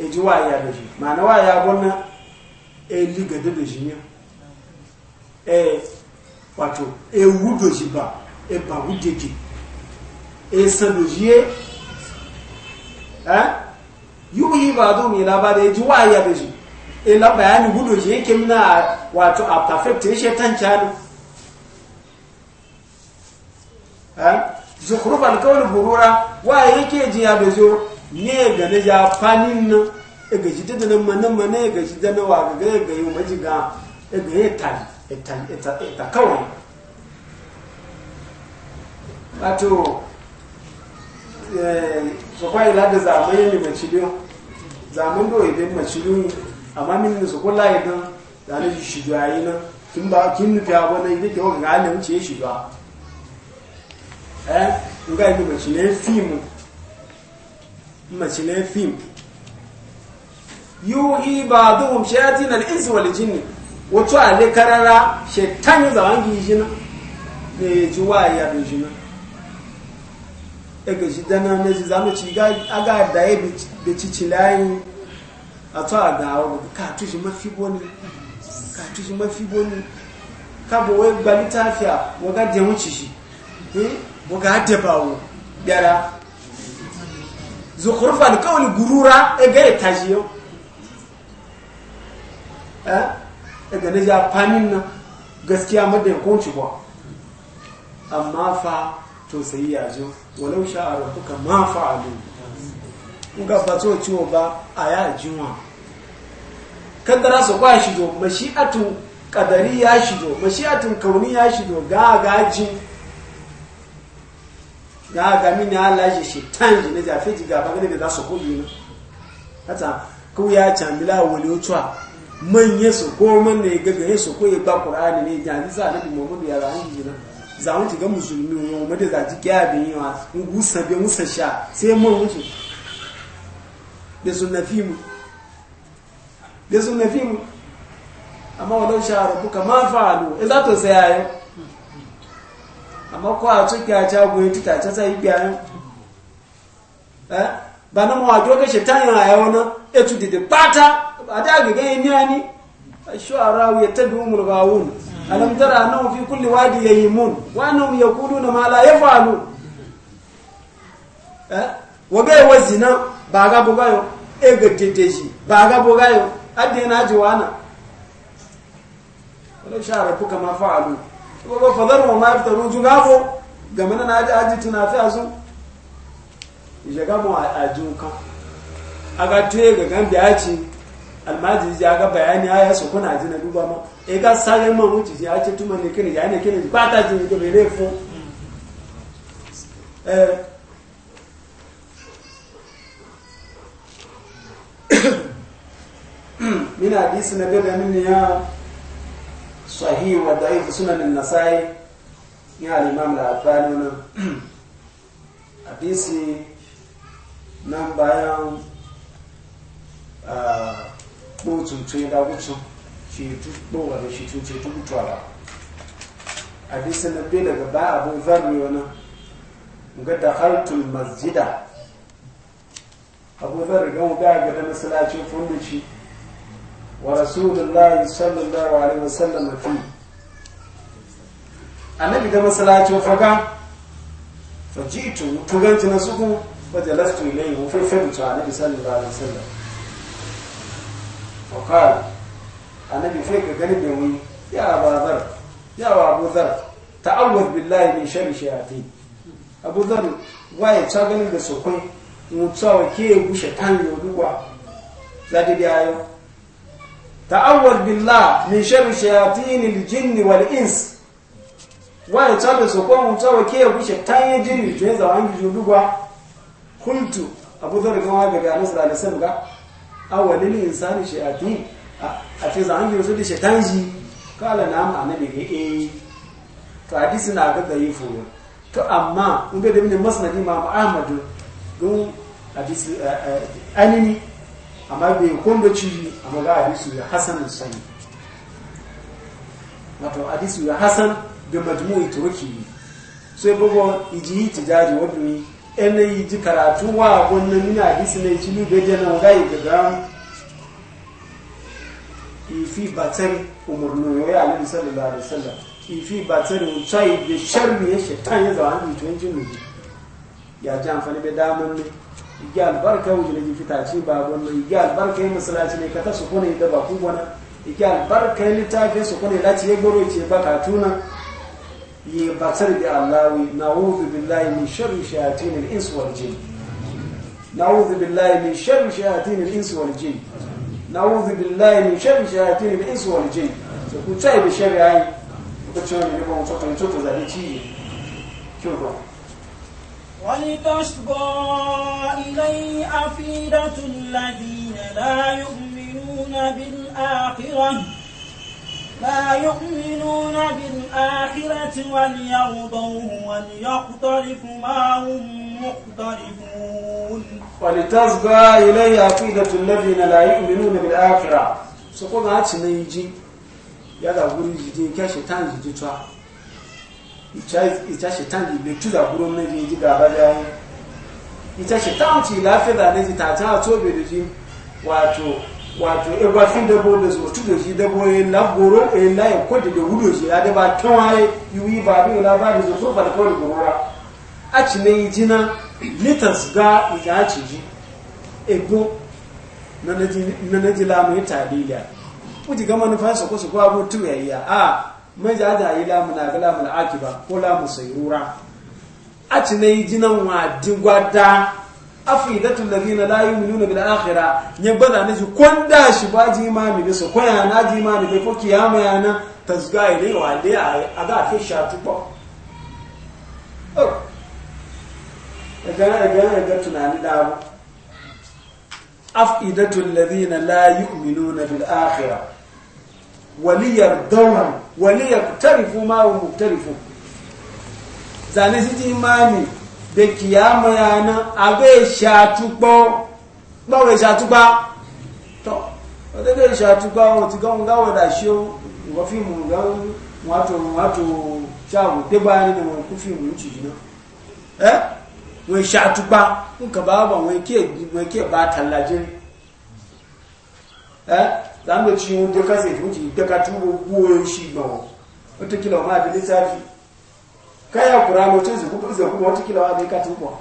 e ji wa ya beji mana wa ya gwanna e liga da beji ne e wato e wu doji ba e ba wu deke e san doji ye eh yuhi ba do mi la ba da e ji wa ya beji e la bayani wu doji yake mna wato a perfect ya shetan cani eh zukhruf alqawl burura wa yake ji ya zo ne ga na ja fanin nan e ga ji da nan man ne ga ji da wa ga ga yi majiga e ga ya tali etan eta eta kawai wato eh so kwai la da zamai ne maciliyo zamani do idan maciliyo amma min su kula idan da ne shi jayi nan kin ba kin nufi yi idan ke ga ne ce shi ba eh nga ibu mace ne fim mace ne fim yuhi ba'dhum shayatin al-insi wal jinni wato ale karara shetan za wangi jina ne juwa ya do jina ega jidana ne zamu ci ga aga da e be cicilai ato aga o ka tuji mafi boni ka tuji fi boni ka bo we gbalita afia wo ga je mu ci shi eh hmm? buga hadda bawo gara zukhrufa alqawl gurura e gare tajiyo eh e gane ya fanin na gaskiya madda ko ci ba amma fa to sai ya zo walau sha'a rabbuka ma fa'alu nga ba to ciwo ba aya jinwa kaddara su ba shi do mashi'atu qadari ya shi do mashi'atun kauni ya shi do ga gaji ya ga mini Allah shi shetan ji ne ja fiji ga ba ne da su kuli ne hata ku ya chambila wole otwa man yeso ko man ne gaga yeso ko ya ba qur'ani ne ja ni sa nabi muhammad ya ra hanji na za mu ga musulmi mu mu da za ji ga yi wa. mu gusa be mu sha sai mun wuce da sunnafi mu da sunnafi mu amma walau sha rabbuka ma fa'alu idza tusayayo amma ko a tsoki a cago ya tuta ta sai biya eh ba na mawa doka shaitan yana yawo na etu dide pata a da ga gani ni ani shu'ara ya tabi umul bawun alam tara annahum fi kulli wadi yayimun wa annahum yaquluna ma la yaf'alu eh wa bai wazina ba ga bugayo e ga shi, ba ga bugayo adina jiwana wala sha'ara kuka ma fa'alu gogo fadar mu ma fitaru ju gafo game na na aji tuna fi azu je ga mu ajun kan aga tuye ga gan biya ci almaji ya ga bayani ya su kuna ji na duba ma e ga sare ma mu ci ya ce tuma ne kire ya ne kire ba ta ji ko bele fu eh *coughs* mina hadisi na bada min ya sahih wa da'if sunan an-nasai ya al-imam al-albani na hadisi nan bayan ah, mutum ce da wucin shi tubo wa shi tuce tubutuwa ba hadisi na bi daga ba abu zarri wani ga al masjida abu zarri ga ga ga da masallacin shi. ورسول الله صلى الله عليه وسلم فيه annabi da masalacin faga fajitu tuganci na suku wadda lastu ilayi mafi fahimta annabi sallallahu alaihi wasallam fakar annabi fai ga gani da wani ya abazar ya abu zar ta'awwaz billahi min sharri shayatin abu zar waye ta ganin da sokoi mutsawa ke gushe kan yoduwa za da ayo ta'awwad billah min sharri shayatinil jinni wal ins waya tabe so ko mun tawa ke ku shaytan jinni to yanzu an gijo dugwa kuntu abu dhar kuma daga Anas da Alisan ga awwalil insani shayatin a ce zan gijo da shaytan ji kala na ma annabi ga eh to hadisi na ga daifu to amma in ga da min masnadi ma Ahmad gun hadisi eh, eh, anini amma bai kondo ci amma ga ya hasan sahi wato hadisu ya hasan bi majmu'i turki sai bugo iji itijaji wadni ene iji karatu wa gonna mina hadisi ne ci lube jana ga ga ifi batar umurnu yoyi alim sallallahu alaihi wasallam ifi batar utsai bi sharri ya shaitan ya zawan mutuncin ya ji amfani da damar ne igi albarka wujula ji fitace ba gwamna igi albarka yi masalaci ne ka ta sukuna da ba kubana igi albarka yi littafi sukuna lati ya goro ce ba katuna yi batar da allawi na wuzu billahi min sharri shayatin al-ins wal jin na'udhu billahi min sharri shayatin al-ins wal jin na'udhu billahi min sharri shayatin al-ins wal jin so ku tsaye da shari'a ku tsaye da mutum ku tsaye da ciye kyau ولتصغى إلي أفئدة الذين لا يؤمنون بالآخرة لا يؤمنون بالآخرة وليرضوه وليقترف ما هم مقترفون ولتصغى إلي أفئدة الذين لا يؤمنون بالآخرة سقوط عاتش نيجي يا ذا غوري جدي كاشي تانجي تشوا ita shetan gibe tuza guru na gaba da ita shetan ci lafiya da ta da ji wato wato ba fin da bodo zo tu da ji da boye la goro ya ba ton waye ba bi la ba da zo da ko goro a ci ne litas ga ita ci ji ego na na ji la mu gama ya a mai ja da yi lamu na ga lamu akiba ko lamu sayrura a ci na yi jinan wa digwada afidatu alladhina la yu'minuna bil akhirah ne bana ne ji kwanda shi ba ji imani be so koya na ji ma be ko kiyama na tasga ile wa a aga fi shatu po oh e ga daga e daga e tunani da afidatu alladhina la yu'minuna bil akhirah waliyar daunan waliyar tarifu ma wa muktarifu zane si ti imani da kiyama yana abe shatupo bawe shatupa to odege shatupa o ti gawon gawo da shi o ngo fiimu gawo wato wato shawo te bayani ne wọn kú fiimu ci jina eh we shatupa nka ba ba wọn ke wọn ke ba tallaje eh zando ci wun da kasa ji wuce da shi wa ma bi littafi kaya kura mutum zai kuma zai wa ka tubo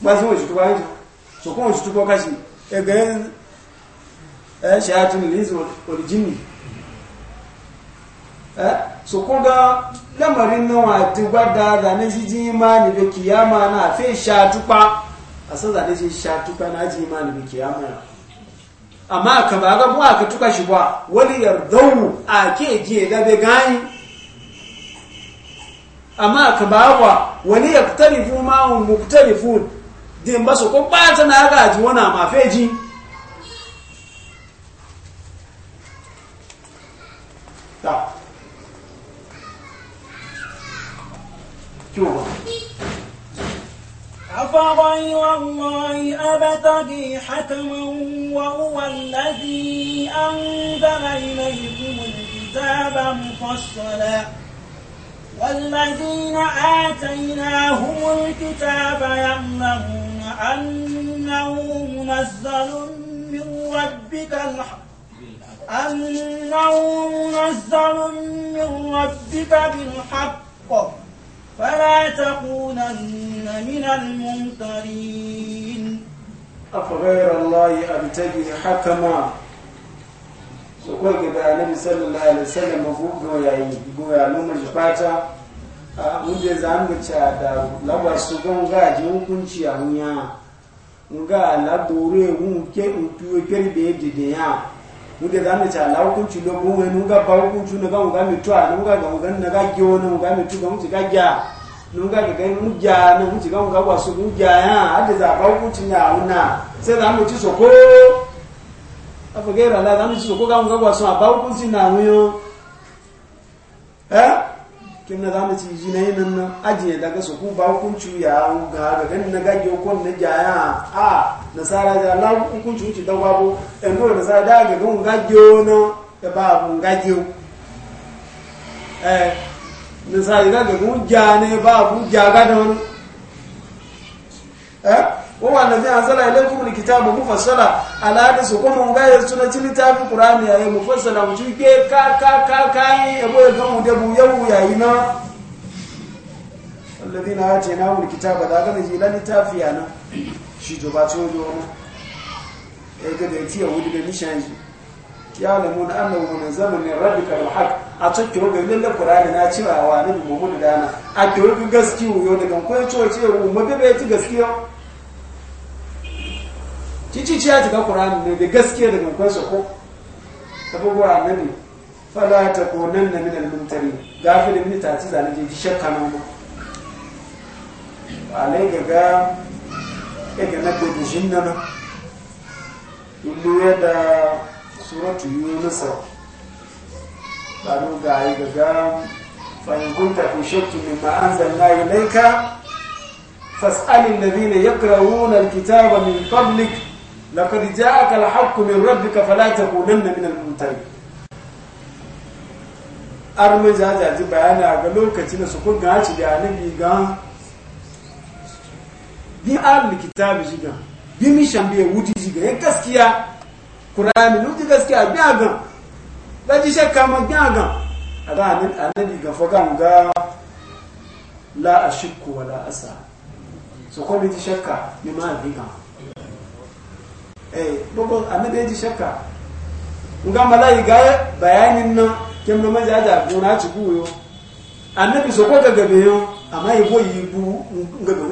ba sun wajen tuba yanzu so kashi e, ya e, ga yin orijini so ga lamarin nan wa zane imani kiyama na fe shatupa a san zane shi shatupa na imani kiyama na amma ka ga buwa ka tuka shi ba wani yardau a ke je da bai gani amma ka ga wani ya yaktarifu ma hum muktarifun din ba su ko ba ta na ga ji wana ma feji ta ba أفغير الله أبتغي حكما وهو الذي أنزل إليكم الكتاب مفصلا والذين آتيناهم الكتاب يعلمون أنه منزل من ربك الحق أنه منزل من ربك بالحق فلا تكونن من الممترين أفغير الله أبتغي حكما sokol ke da annabi sallallahu alaihi wasallam go yayi go ya numa jipata a za mu cha da laba su ga ji hukunci a hunya nga la dore mu ke utu ke be de ya nuga za mu cala hukunci lokun wani nuga ba hukunci nuga mu ga mitu a nuga ga mu ga na ga gyo na mu ga mitu ga mu ci ga gya nuga ga ga mu gya na mu ci ga mu ga wasu mu ya hada za ba hukunci na wuna sai za ci soko afa gaira la za mu ci soko ga mu ga wasu ba hukunci na wuyo eh kin na zamu ci ji nayi nan ajiye daga su ku ba kun ci ya ga ga ganin na gage ko na jaya a nasara da Allah kun ci ci da babu en do nasara da ga gun gage no da babu gage eh nasara da ga gun jane babu ga don eh wa wallazi anzala ilaykum alkitaba mufassala ala hadisi kuma mun gaya suna ci littafi qur'ani yayi mufassala mu ci ke ka ka ka kai ebo ya gamu da bu yau yayi na wallazi na ce na mun kitaba da ga ji la yana shi to ba to yo na e ga da ci yahudi da nishanji ya lamun annahu min zamanin rabbika alhaq a cikin rubin da qur'ani na cewa wa nabi muhammad dana a cikin gaskiya yau daga ko ya ce mu bebe ci gaskiya cici ciya ta Qur'ani ne da gaskiya da gangan su ko abubuwa nan ne fala ta konan na min al-mumtari gafilin ni ta ci zane je ji shakka nan ba alai ga ga ga na ko jin nan illu ya da suratu yunus ba no ga ai ga ga fa in kunta fi shakki mimma anzalna ilayka fas'al alladhina yaqra'una al-kitaba min qablik لقد جاءك الحق من ربك فلا تكونن من الممتلئ armin jajaji bayani a ga lokaci na su kun gaci da annabi ga bi al kitabi jiga bi mishan bi wuti jiga ya gaskiya qur'ani wuti gaskiya bi aga da ji shakka ma bi aga aga annabi ga fa gan ga la ashku wala asa so ko bi shakka ni ma bi ga eh bobo ji shakka nga malai ga bayanin na kem no manja ja gona ci guyo annabi so ko gaga beyo amma ibo yibu nga ga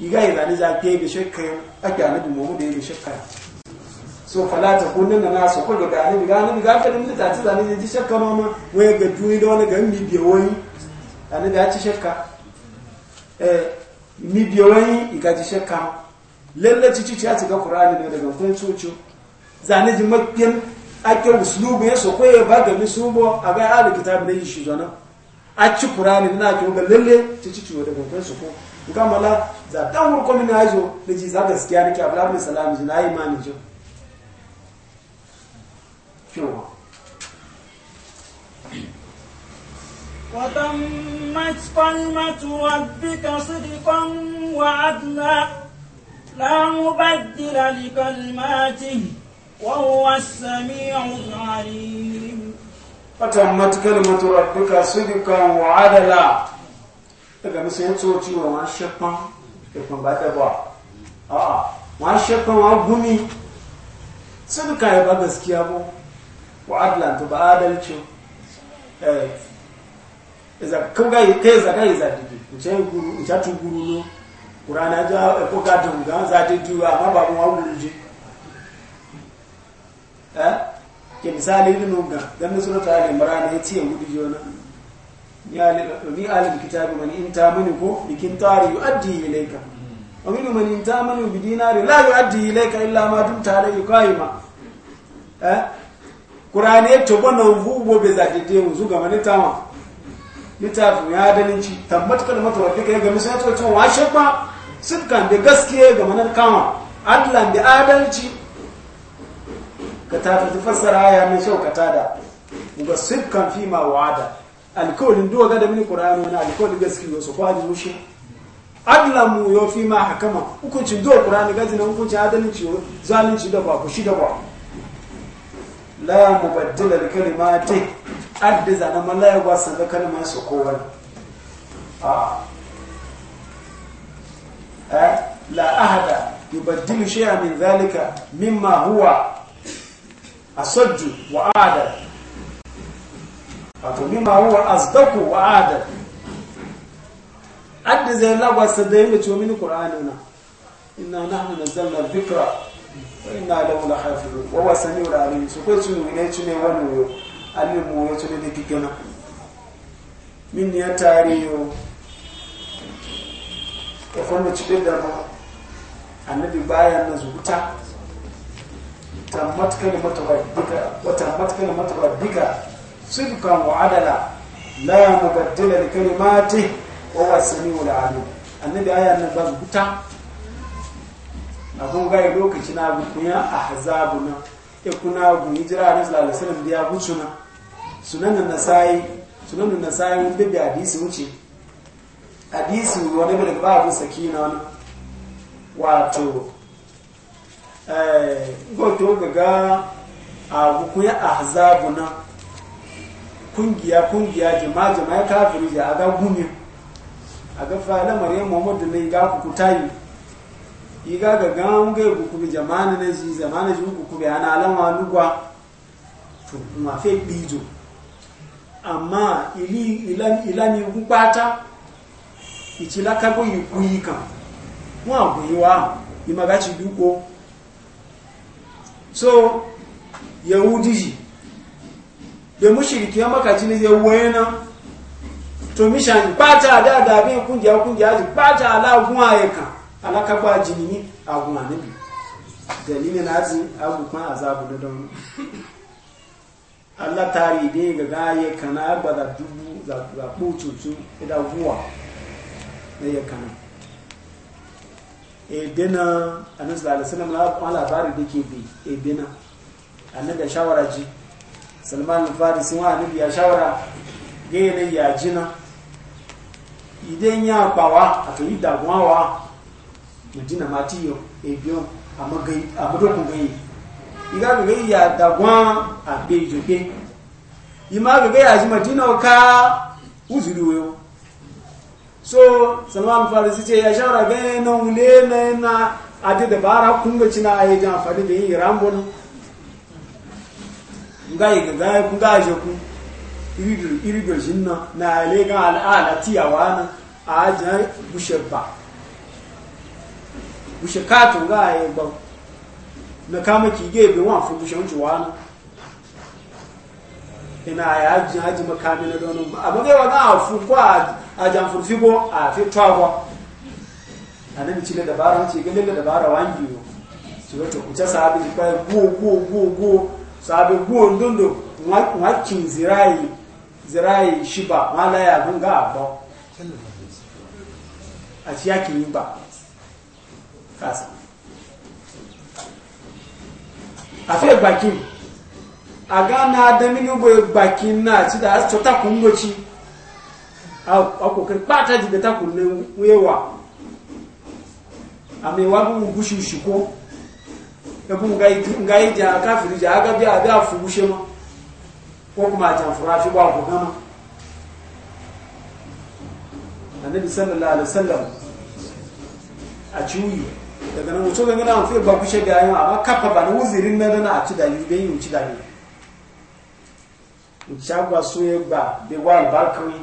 iga ida ni ja ke bi shakka ake annabi mu da yi shakka so fala ta na so ko annabi ga annabi ga ka dinta ta zani ji shakka mama waye ga duni ga mi eh mi ji lalle cici ya shiga qur'ani ne daga kun cucu zane ji mafiyan ake uslubu ya so koye ba ga misubo a ga alu kitabu da shi zana a ci qur'ani na ke ga lalle cici ciwo daga kun su ko gamala za dan wurko min ajo da ji za gaskiya nake abu lamu salamu ji na imani ji kyau وتمت كلمة ربك صدقا وعدلا لا مبدل لكلماته وهو السميع العليم فتمت كلمة ربك صدقا وعدلا daga nisa ya tsoci wa wọn shekpan shekpan ba ta ba a'a wọn shekpan wọn gumi sun kayi ba gaskiya ba wa adalanta ba adalci eh iza kai zaga iza dike in ce guru in kurana ja ko ka dunga za ta tuwa amma ba mu wani ruji eh ke misali ni nunga dan ni surata ali imran ya ce mu dijo na ni ali ni ali kitabi man in mani ko bikin tari yuaddi ilayka wa min man in mani bi dinari la yuaddi ilayka illa ma dumta alayhi qaima eh kurane to bona uvubo be za ta tuwa zuga manitawa littafin ya dalinci tabbat kalmatu rabbika ya ga misalatu wa shaqqa sirkan da gaskiya ga manar kama adlan da adalci ka ta tafi fassara aya mai shaukata da ga sirkan fi ma wa'ada alkawalin duwa ga da mini ƙura'ani wani alkawalin gaskiya su kwaji mushe adlan mu yau fi ma hakama hukuncin duwa ƙura'ani gaji na hukuncin adalci zalunci da ba ku shi da ba la mubaddila ta adda zana malayar wasan da kalima su kowar ah. لا أحد يبدل شيئا من ذلك مما هو wa وأعدل wato mimma huwa asdaku wa aada adda zai lagwa sadai mai to mini qur'ani na inna nahnu nazzalna dhikra wa inna lahu lahafizun wa huwa samiu alim so ko tunu ne tune wani yo alimu yo tune da kikana min ya tariyo da fannin cikin da ba annabi bayan na zubuta tammat kalimatu mata wa tammat kalimatu rabbika na wa adala la mubaddila li kalimati wa huwa samiul alim annabi ayan nan ba na abun ga lokaci na a hazabu na e kuna gun hijira na lalasa da ya biya gutsuna sunan nasai sunan nasai mun da isi wuce hadisi wani bil babu sakina wani wato eh goto gaga a hukuya ahzabu na kungiya kungiya jama'a jama'a kafiri ja aga gumi aga fala maryam muhammadu ne ga ku kutayi iga ga gange ku bi jama'a ne ji zamana ji ku ku ana alama lugwa to ma fe bijo amma ili ilani ilani ku pata ichilakago yikuyika mwaguyiwa imagachiduko so yahudiji be mushiriki amakatini yewena tomishani pata adada abin kunja kunja aji pata ala agun ayeka alakagba ajinini agun anibi dalilin azi agukpan azabu dodon Allah tari dai ga gaye kana agbada dubu za kututu idan guwa na ya kana edena eh, annabi sallallahu alaihi wasallam la labari da ke bi edena eh, annabi shawara ji salman al-farisi wa annabi ya shawara ga yana ya jina idan ya kwawa eh, a to yida gwawa mujina matiyo ebion amagai abudokun gai iga gai ya dagwan abejoke ima gai ya jima dina ka uzuruwe so salman farisi ce ya shawara gane na wule na yana adi dabara kunga cina a yi jan amfani da yin rambon ga yi ga ku ga je ku iri do jinna na le ga al'ala tiyawa na a jan bushe ba bushe katon ga yi ba na kama ki gebe wa fu bushe wanci wa na ina ya haji makami na donin ba amma afu a jamfur figo a a dabara dabara wangi yo to go go go go go zirai shiba mala ya gunga a ci yi ba kasa a bakin a gana adamini ugbo baki na ci da su takun goci a kokarin bata ji da takun nan wewa a mai wa bin Ebe shiko ji e a kafin ji a gabi a bi a ma ko a ba ku gama annabi sallallahu alaihi wasallam a ciwuyi daga nan mutum gangana mafi ba kafa ba na wuzirin na da yi bai yi ìṣàgbà sún ẹgbà bí wà bákìrí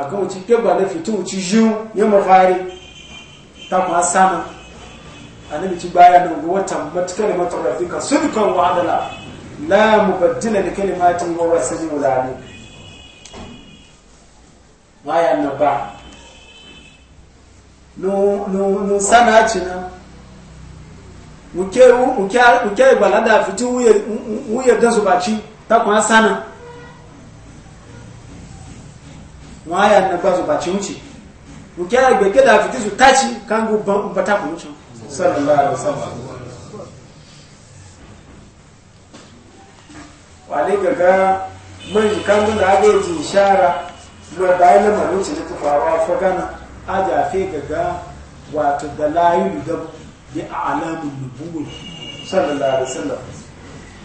àkọ́wò ti kégbà lè fi tún ti yíò yí mọ̀ fari takwa asana annabi ti baya nan ga watan matukar matar rafika sulkan wa adala la mubaddila li kalimatin wa wasani wa zalim baya na ba no no no sana cinan muke ìgbàládà fi tí wúyẹ̀ su bá tí takùn á sánà na ba su sọ bá muke ìgbẹ̀kẹ́dà fi tí sù táchí kángú bá takùn ṣe wàlé gàgá gaga kángú da agéjì ìṣára lọ báyé lẹ́mọ̀ ló ti ní tufawa fọ́gánà ájà fi gàgá da láyé lùdọ́bù bi alamun nubuwa sallallahu alaihi wasallam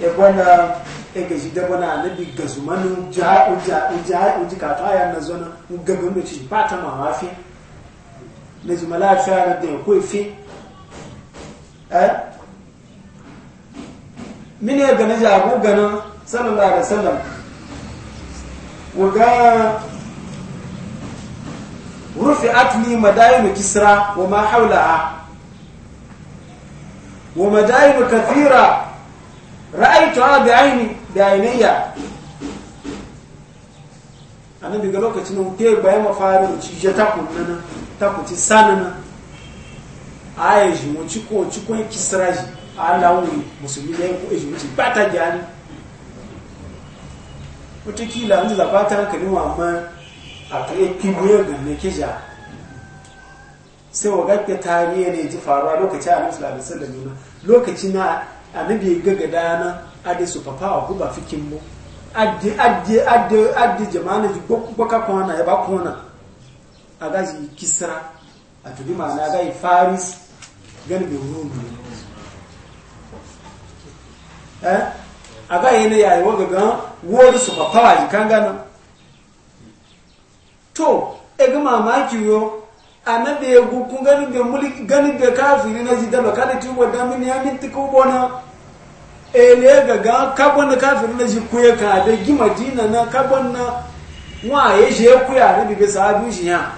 e bana e ke shi da bana annabi bi gasu manu ja'u ja'u ja'u ji ka ta ya na zona mu gaba mu ci ba ta mawafi ne zuma la lafiya da da ko fi eh mine ga na ga na sallallahu alaihi wasallam waga rufi'at li madayin kisra wa ma hawlaha ومدائن كثيرة رأيتها بعيني بعيني أنا بقول لك إنه كيف بيا مفارق تيجي تكون لنا تكون تساننا أيش وتشكو تشكو كسراج على وين مسلمين يكو إيش وتباتا جاني وتكيلا عند زباتا كلمة ما أكيد كيبويا غنكيجا sai wagagga tarihi ne ji faruwa lokaci a nasu lalisa da nuna lokaci na annabi gaga dana ade su papa a guba fikin mu adi adi adi adi jama'a ji baka kwana ya ba kona a gaji kisra a tudi ma na gai faris gani bai wuru wuri eh? a gai ne yayi waga ga wori su papa ji kan gano to e mamaki yo anabe egu kun gani be muli gani be kafiri na jidalo kada ti wada min ya min tiku bona ele ga ga kabon kafiri na kuya ka da gima dina na kabon na wa ye je ku ya ne sa sabu shi ya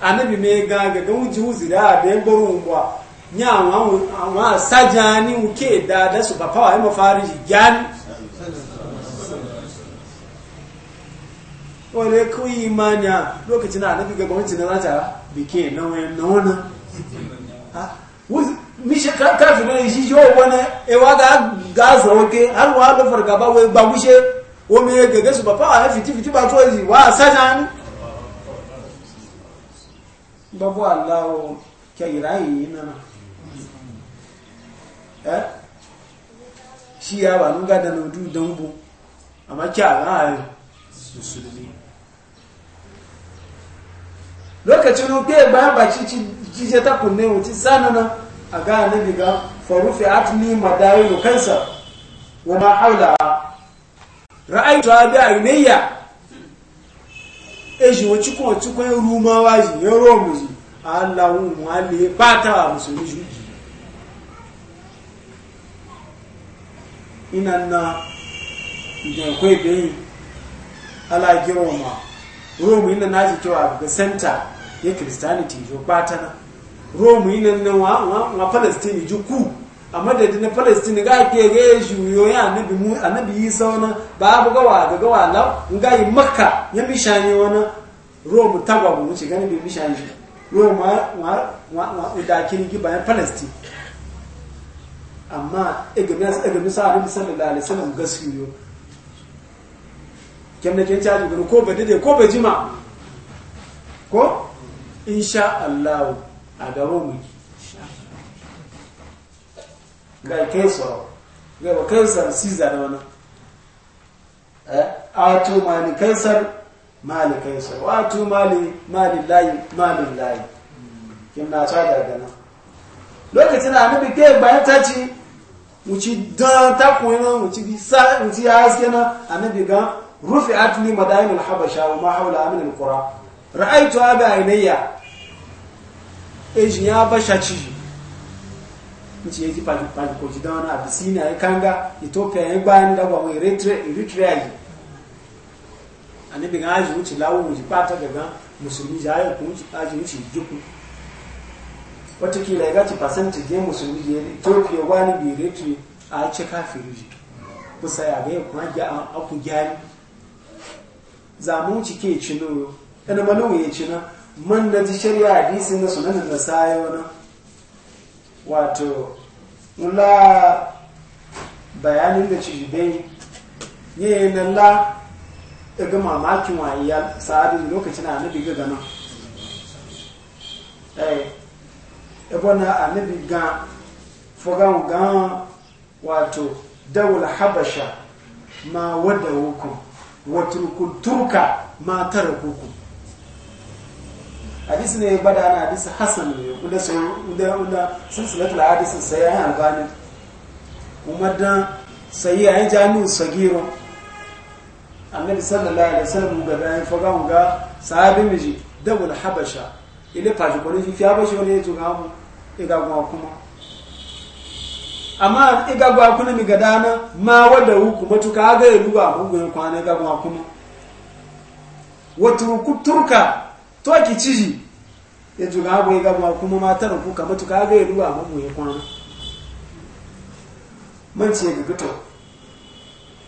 anabi me ga ga ga uji uzi da be mu ngwa nya wa wa sajani uke da da su papa wa mafari gan wale ku imanya lokacin da anabi ga gwamnati na zata bike nawa nawa ha mishe ka ka zuwa shi yo wona e ga ga zo ke har wa da farga ba wai ba gushe wo me ga su ba fa fiti fiti ba to yi wa sanan babu Allah ke ina nana eh shi ya ba nuga da nudu dambu amma kya ga musulmi eh? lokacin rufe bayan baci cije ta kunne wuce sanana a ga annabi ga farufi atni madawi kansa wa ma haula a. ra'ayi ra'aytu abi ayniya eji wuci ko wuci ko ruma waji ya romu ji Allahu mu'alli bata musulmi ji ina na da kwai bayin ala girma romu ina na ji cewa ga center ya kristaniti jo patana romu ina nan wa wa palestini ju ku a madadi na palestini ga ke ga ya juyo ya annabi mu annabi isa wani babu gawa ga gawa la ga yi makka ya mishani wani romu tagwa mu ce gani bi mishani romu wa wa wa da kin gi bayan palestini amma egenas egenasa abin sallallahu alaihi wasallam gasiyo kenan kin ta ji ko ba dade ko ba jima ko insha Allah a gaba muke ga kai tsoro ga ba kansar siza da wani eh, ato mani kansar mali kansar wato mali mali layi mali layi kin na ta daga gana lokacin da annabi kai bayan ta ci wuci dan ta koyi nan wuci sa wuci haske na annabi ga rufi li madainul habasha wa ma hawla min al-qura ra'aytu abi ainayya eji ya basha ciji nci yeji palikoji don abisina ya kanga ethiopia ya gbayan dagwa mai eritrea yi anibi ga aji wuce lawo wuce pata daga musulmi ayo kun aji wuce juku watakila ya gaci ya musulmi ethiopia wani bi eritrea a ce ji kusa ya ga kuma ya man na ji shari'a hadisi na sunan da sayo na wato nula bayanin da ci bai yi na la ga mamakin wayiya sa'adu lokacin na nabi ga gana eh ebo na nabi ga fogan ga wato dawul habasha ma wada hukum watrukul turka ma tarakukum hadis ne ba da ana hadis hasan ne wanda sai wanda wanda silsilatul hadis sai ya albani kuma da sai ya jami'u sagiro annabi sallallahu alaihi wasallam ga bayan faga ga sahabi miji dabul habasha ile faji ko fi habasha wani to ga mu iga gwa kuma amma iga gwa kuna mi gadana ma wada huku matuka ga ya duba mu kwana iga gwa kuma wato turka to ki ciji yanzu ga abu ga ma kuma matar ku ka mutu ka ga ruwa mu ya kwana mun ce ga to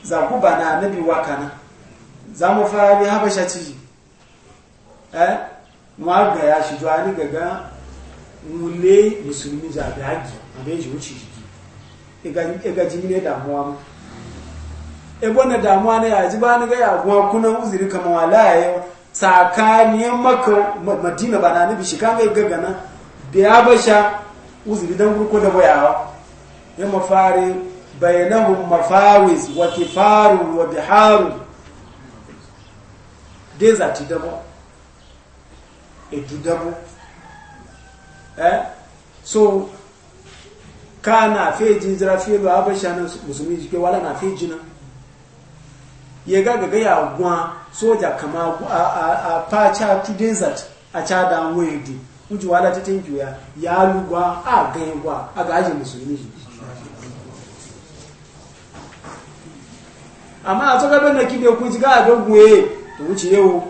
za ku ba na nabi waka za mu fa bi habasha ciji eh mu ga ya shi jwani gaga mule musulmi za ga haji abin ji wuce jiki ega e ji ne damuwa mu ebo na damuwa na ya ji ba ni ga ya kunan uzuri kamar wala yau tsakaniyar maka madina ba na nabi shika mai gagana da ya basha uzuri don gurku da bayawa ya mafari bayanahun mafawis wa faru wa haru. dai za ti dabo edu dabo eh so ka na fe jinjira fe ba basha na musulmi jike wala na fe jinan ya ga gaga ya gwa soja kama a faca to desert a cada wedu uji wala ta tinki ya ya lugwa a ga gwa a ga e ajin musulmi amma a tsoga bane ki da kuji ga ga guye to wuce yau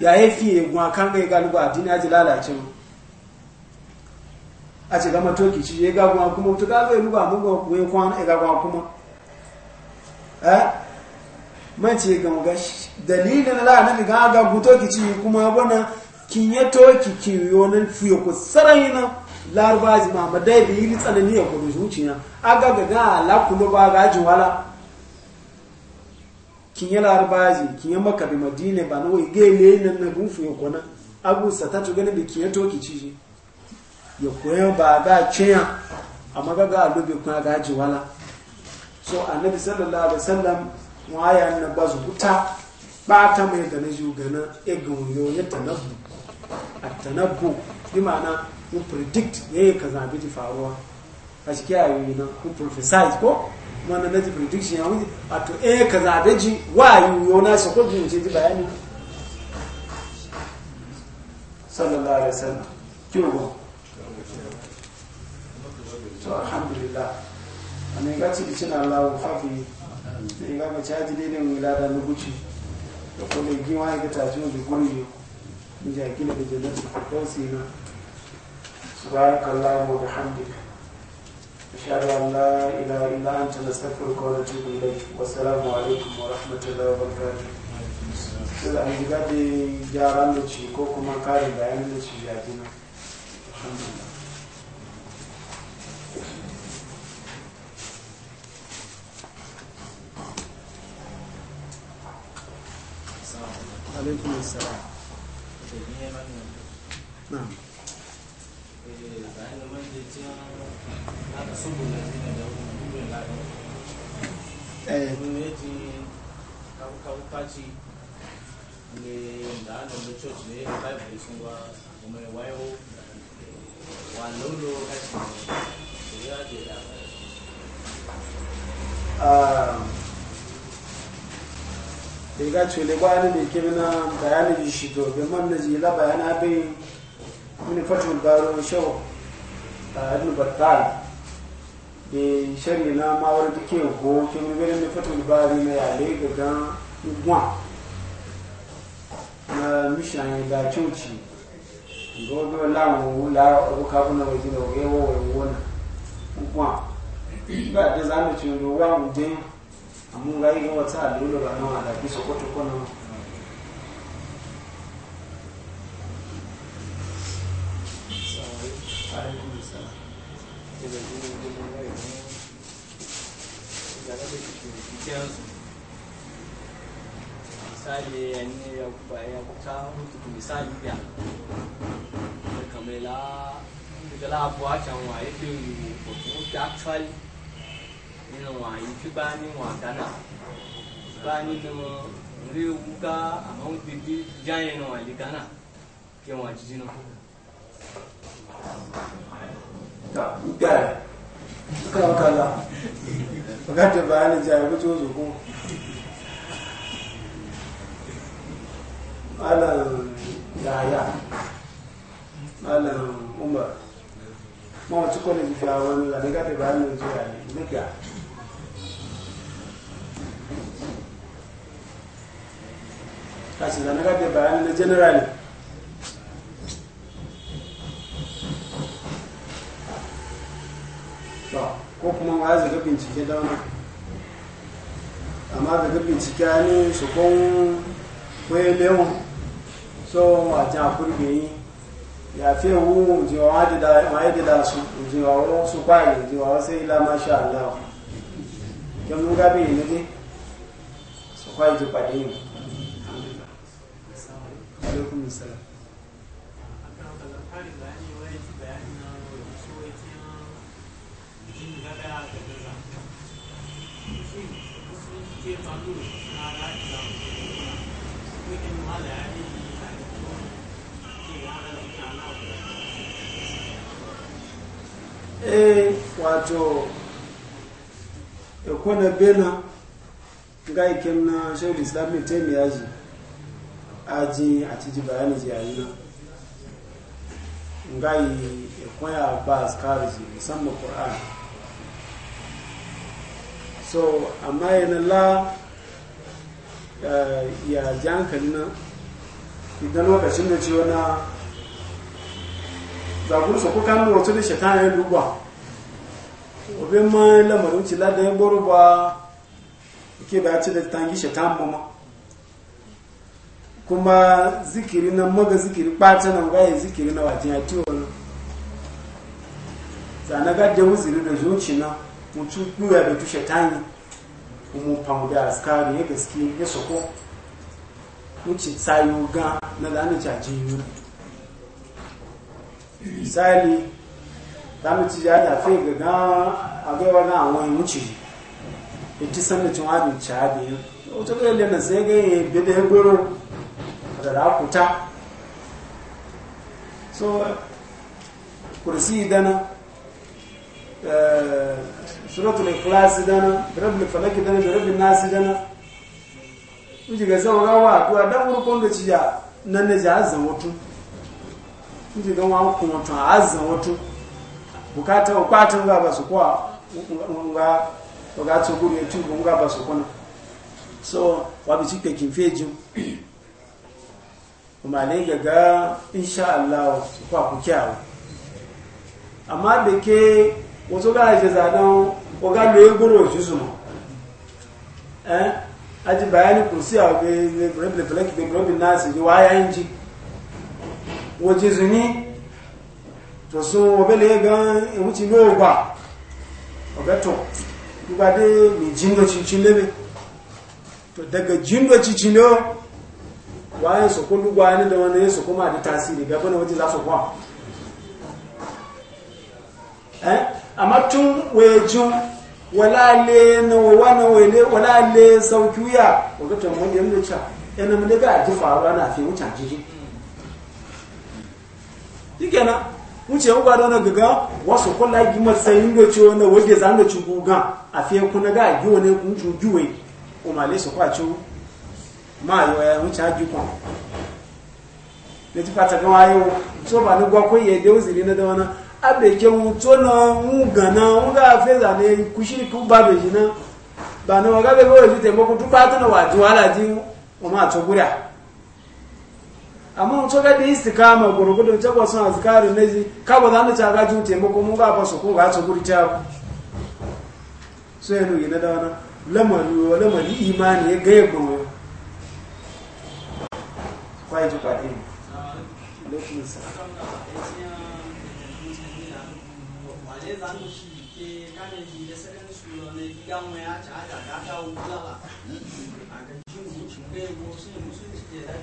ya yafi e e gwa kan ga ga lugwa dina ji lalace a ce gama toki ci ya ga gwa kuma to ga ga lugwa mun ga kwana kwan ga gwa kuma eh mace ga dalilin la na ga ga guto ci kuma bana kinye to kiki yonan fiye ko sarai na larba ji ma madai bi yi tsanani ya kudu zuciya aga ga ga la kulo ba ga ji wala kinye larba ji kinye maka bi madina ba na wai ga le nan na gun fiye ko na abu satatu gane bi kinye to kici ji ya koyo ba ga ciya amma ga ga lobe kuma ga ji wala so annabi sallallahu alaihi wasallam waya na ba ta ba ta mai da na jugana egon yo ya tanabu a tanabu bi ma'ana mu predict ya yi kaza bi faruwa a cikin ayoyi na mu prophesize ko mana na ji prediction ya wuce a to eh kaza bi ji wa yo na shi ko ji ce ji bayani sallallahu alaihi wasallam kyugo to alhamdulillah anan gaci dicin Allah wa hafi in ga ba caji dai ne mu lada na guci da kuma yi wa ga tashi mu da guri in ja kila da su firdausi na subhanakallahu wa bihamdika ashhadu an la ila illa anta nastaghfiruka wa natubu ilayk wa assalamu alaikum wa rahmatullahi wa barakatuh sai an ji gadi gyaran da ci ko kuma karin bayanin da ci ya gina alhamdulillah alaikum assalam na'am ya eh. um, da ga cole gwani mai kebe na bayanin shi to man na la bayana bai mini fatul baro shawo a ibn battal da shari na mawar da ke go ke mu gani mini fatul baro na yale ga gan gwa na mishan da coci gogo lawo la ko ka buna wajen da wani wayewona gwa ba da zamu ci ruwa mu dai amma ga yi wata alulu ba alaƙi su kwato actually nínú àyè tí bá níwọ̀n àdánà bá nínú rí ewu ká àwọn gbèdé jáyẹn nù àyè gánà kí wọn àjíjí nù. Gara, kan kala, bukatar bayanin jaya kuce wasu ko. Malam Yahaya, Malam Umar, ma wacce kwanan jiya wani lalata bayanin jaya ne, Kasi da na gabe bayanin na general ba ko kuma ma zaga bincike da wani amma zaga bincike ne su kun kwaye lewu so a jan kurbe yi ya fi wu jiwa wani da su jiwa wasu kwaye jiwa wasu ila masha Allah kyan mun gabe ne dai kwaye ji kwaɗe yin eh wato ya bena ga ikin na shaidu islam mai taimi ya ji aji a ciji bayanin ziyayi na ga yi e kwaya ba askarji musamman so amma yana la eh, ya ji hankali na idan lokacin da ciwo na zagun su kuka nuna wasu da shekara ya dubba obin ma lamarin cila da ya buru ba ke ba ci da tangi shaitan mama kuma zikiri na maga zikiri ɓata na ga zikiri na wajen ya wani na gajen da wuziri da zuci na mutu ɗuya da tushe yi kuma famu da askari ya gaske ya soko wuce tsayo ga na zane caji yi misali zamu ci ya da fe ga ga a gaiwa na awon wuce iti sanda cin wani cabi wata ga yadda na sai ga yi bida ya goro da rakuta so kursi dana eh, suratul ikhlas dana rabbil falak dana rabbil nas dana uji ga zama gawa to da urkon da ciya nan ne ja azan wato uji ga wa kuma to azan wato bukata ko kwatan ga ba su kwa nga oga tsoguru ya tubu nga ba so wabi ci ke kin feji kuma ne gaga insha Allah su kwa ku amma da ke wasu ga je zadan oga le goro shi su eh aji bayani ku si abe ne breble plek de nasi ji waya inji waje ba dai mai jindo cincin lebe to daga jindo cincin lewo wayan su kun lugwa ne da wani yin soko ma da tasiri ga bane waje za su kwa eh amma tun wejin na le na wana wele wala le saukiya wato to mun yanda yana mu mun ga faruwa na fi wuce jiji yikena wuce uba da wani gaga wasu kula gi matsayin da ciwo na wajen zan da cikin ga a fiye kuna ga kun su ma yi wa haji kwan da ti fata yau so ba ni gwa kwaye da na da wani wuto na nga na nga ne kushi ku ba jina ba na waga taimako duk ba ta na a amma mutu ga da istikama gurgudun tagwa sun azkari na ji kaba za mu caga jin taimako mun gafa su kun gaci guri ta so ya nuyi imani ya gaya ji ne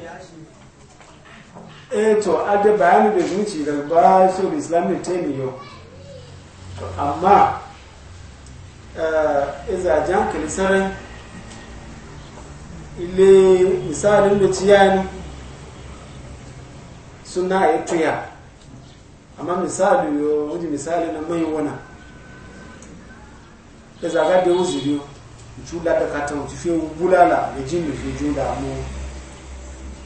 a eto eh, to a da bayani da zuci da ba su yi taimiyo amma eh, iza jan kalisarai ile misalin da ciyani suna ya tuya amma misali yo wuji misali na mai wana iza ga da wuzi biyu jula da katon ci fiye bulala da jini fi jula mu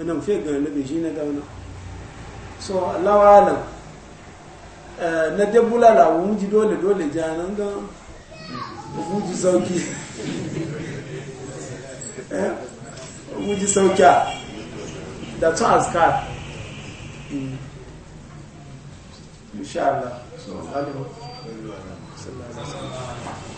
ana mafi fe garin na beji na gauna so Allahu alam eh, na dabbula la wu ji dole dole janan ga wu sauki eh wu ji sauki da to azkar insha Allah so alim sallallahu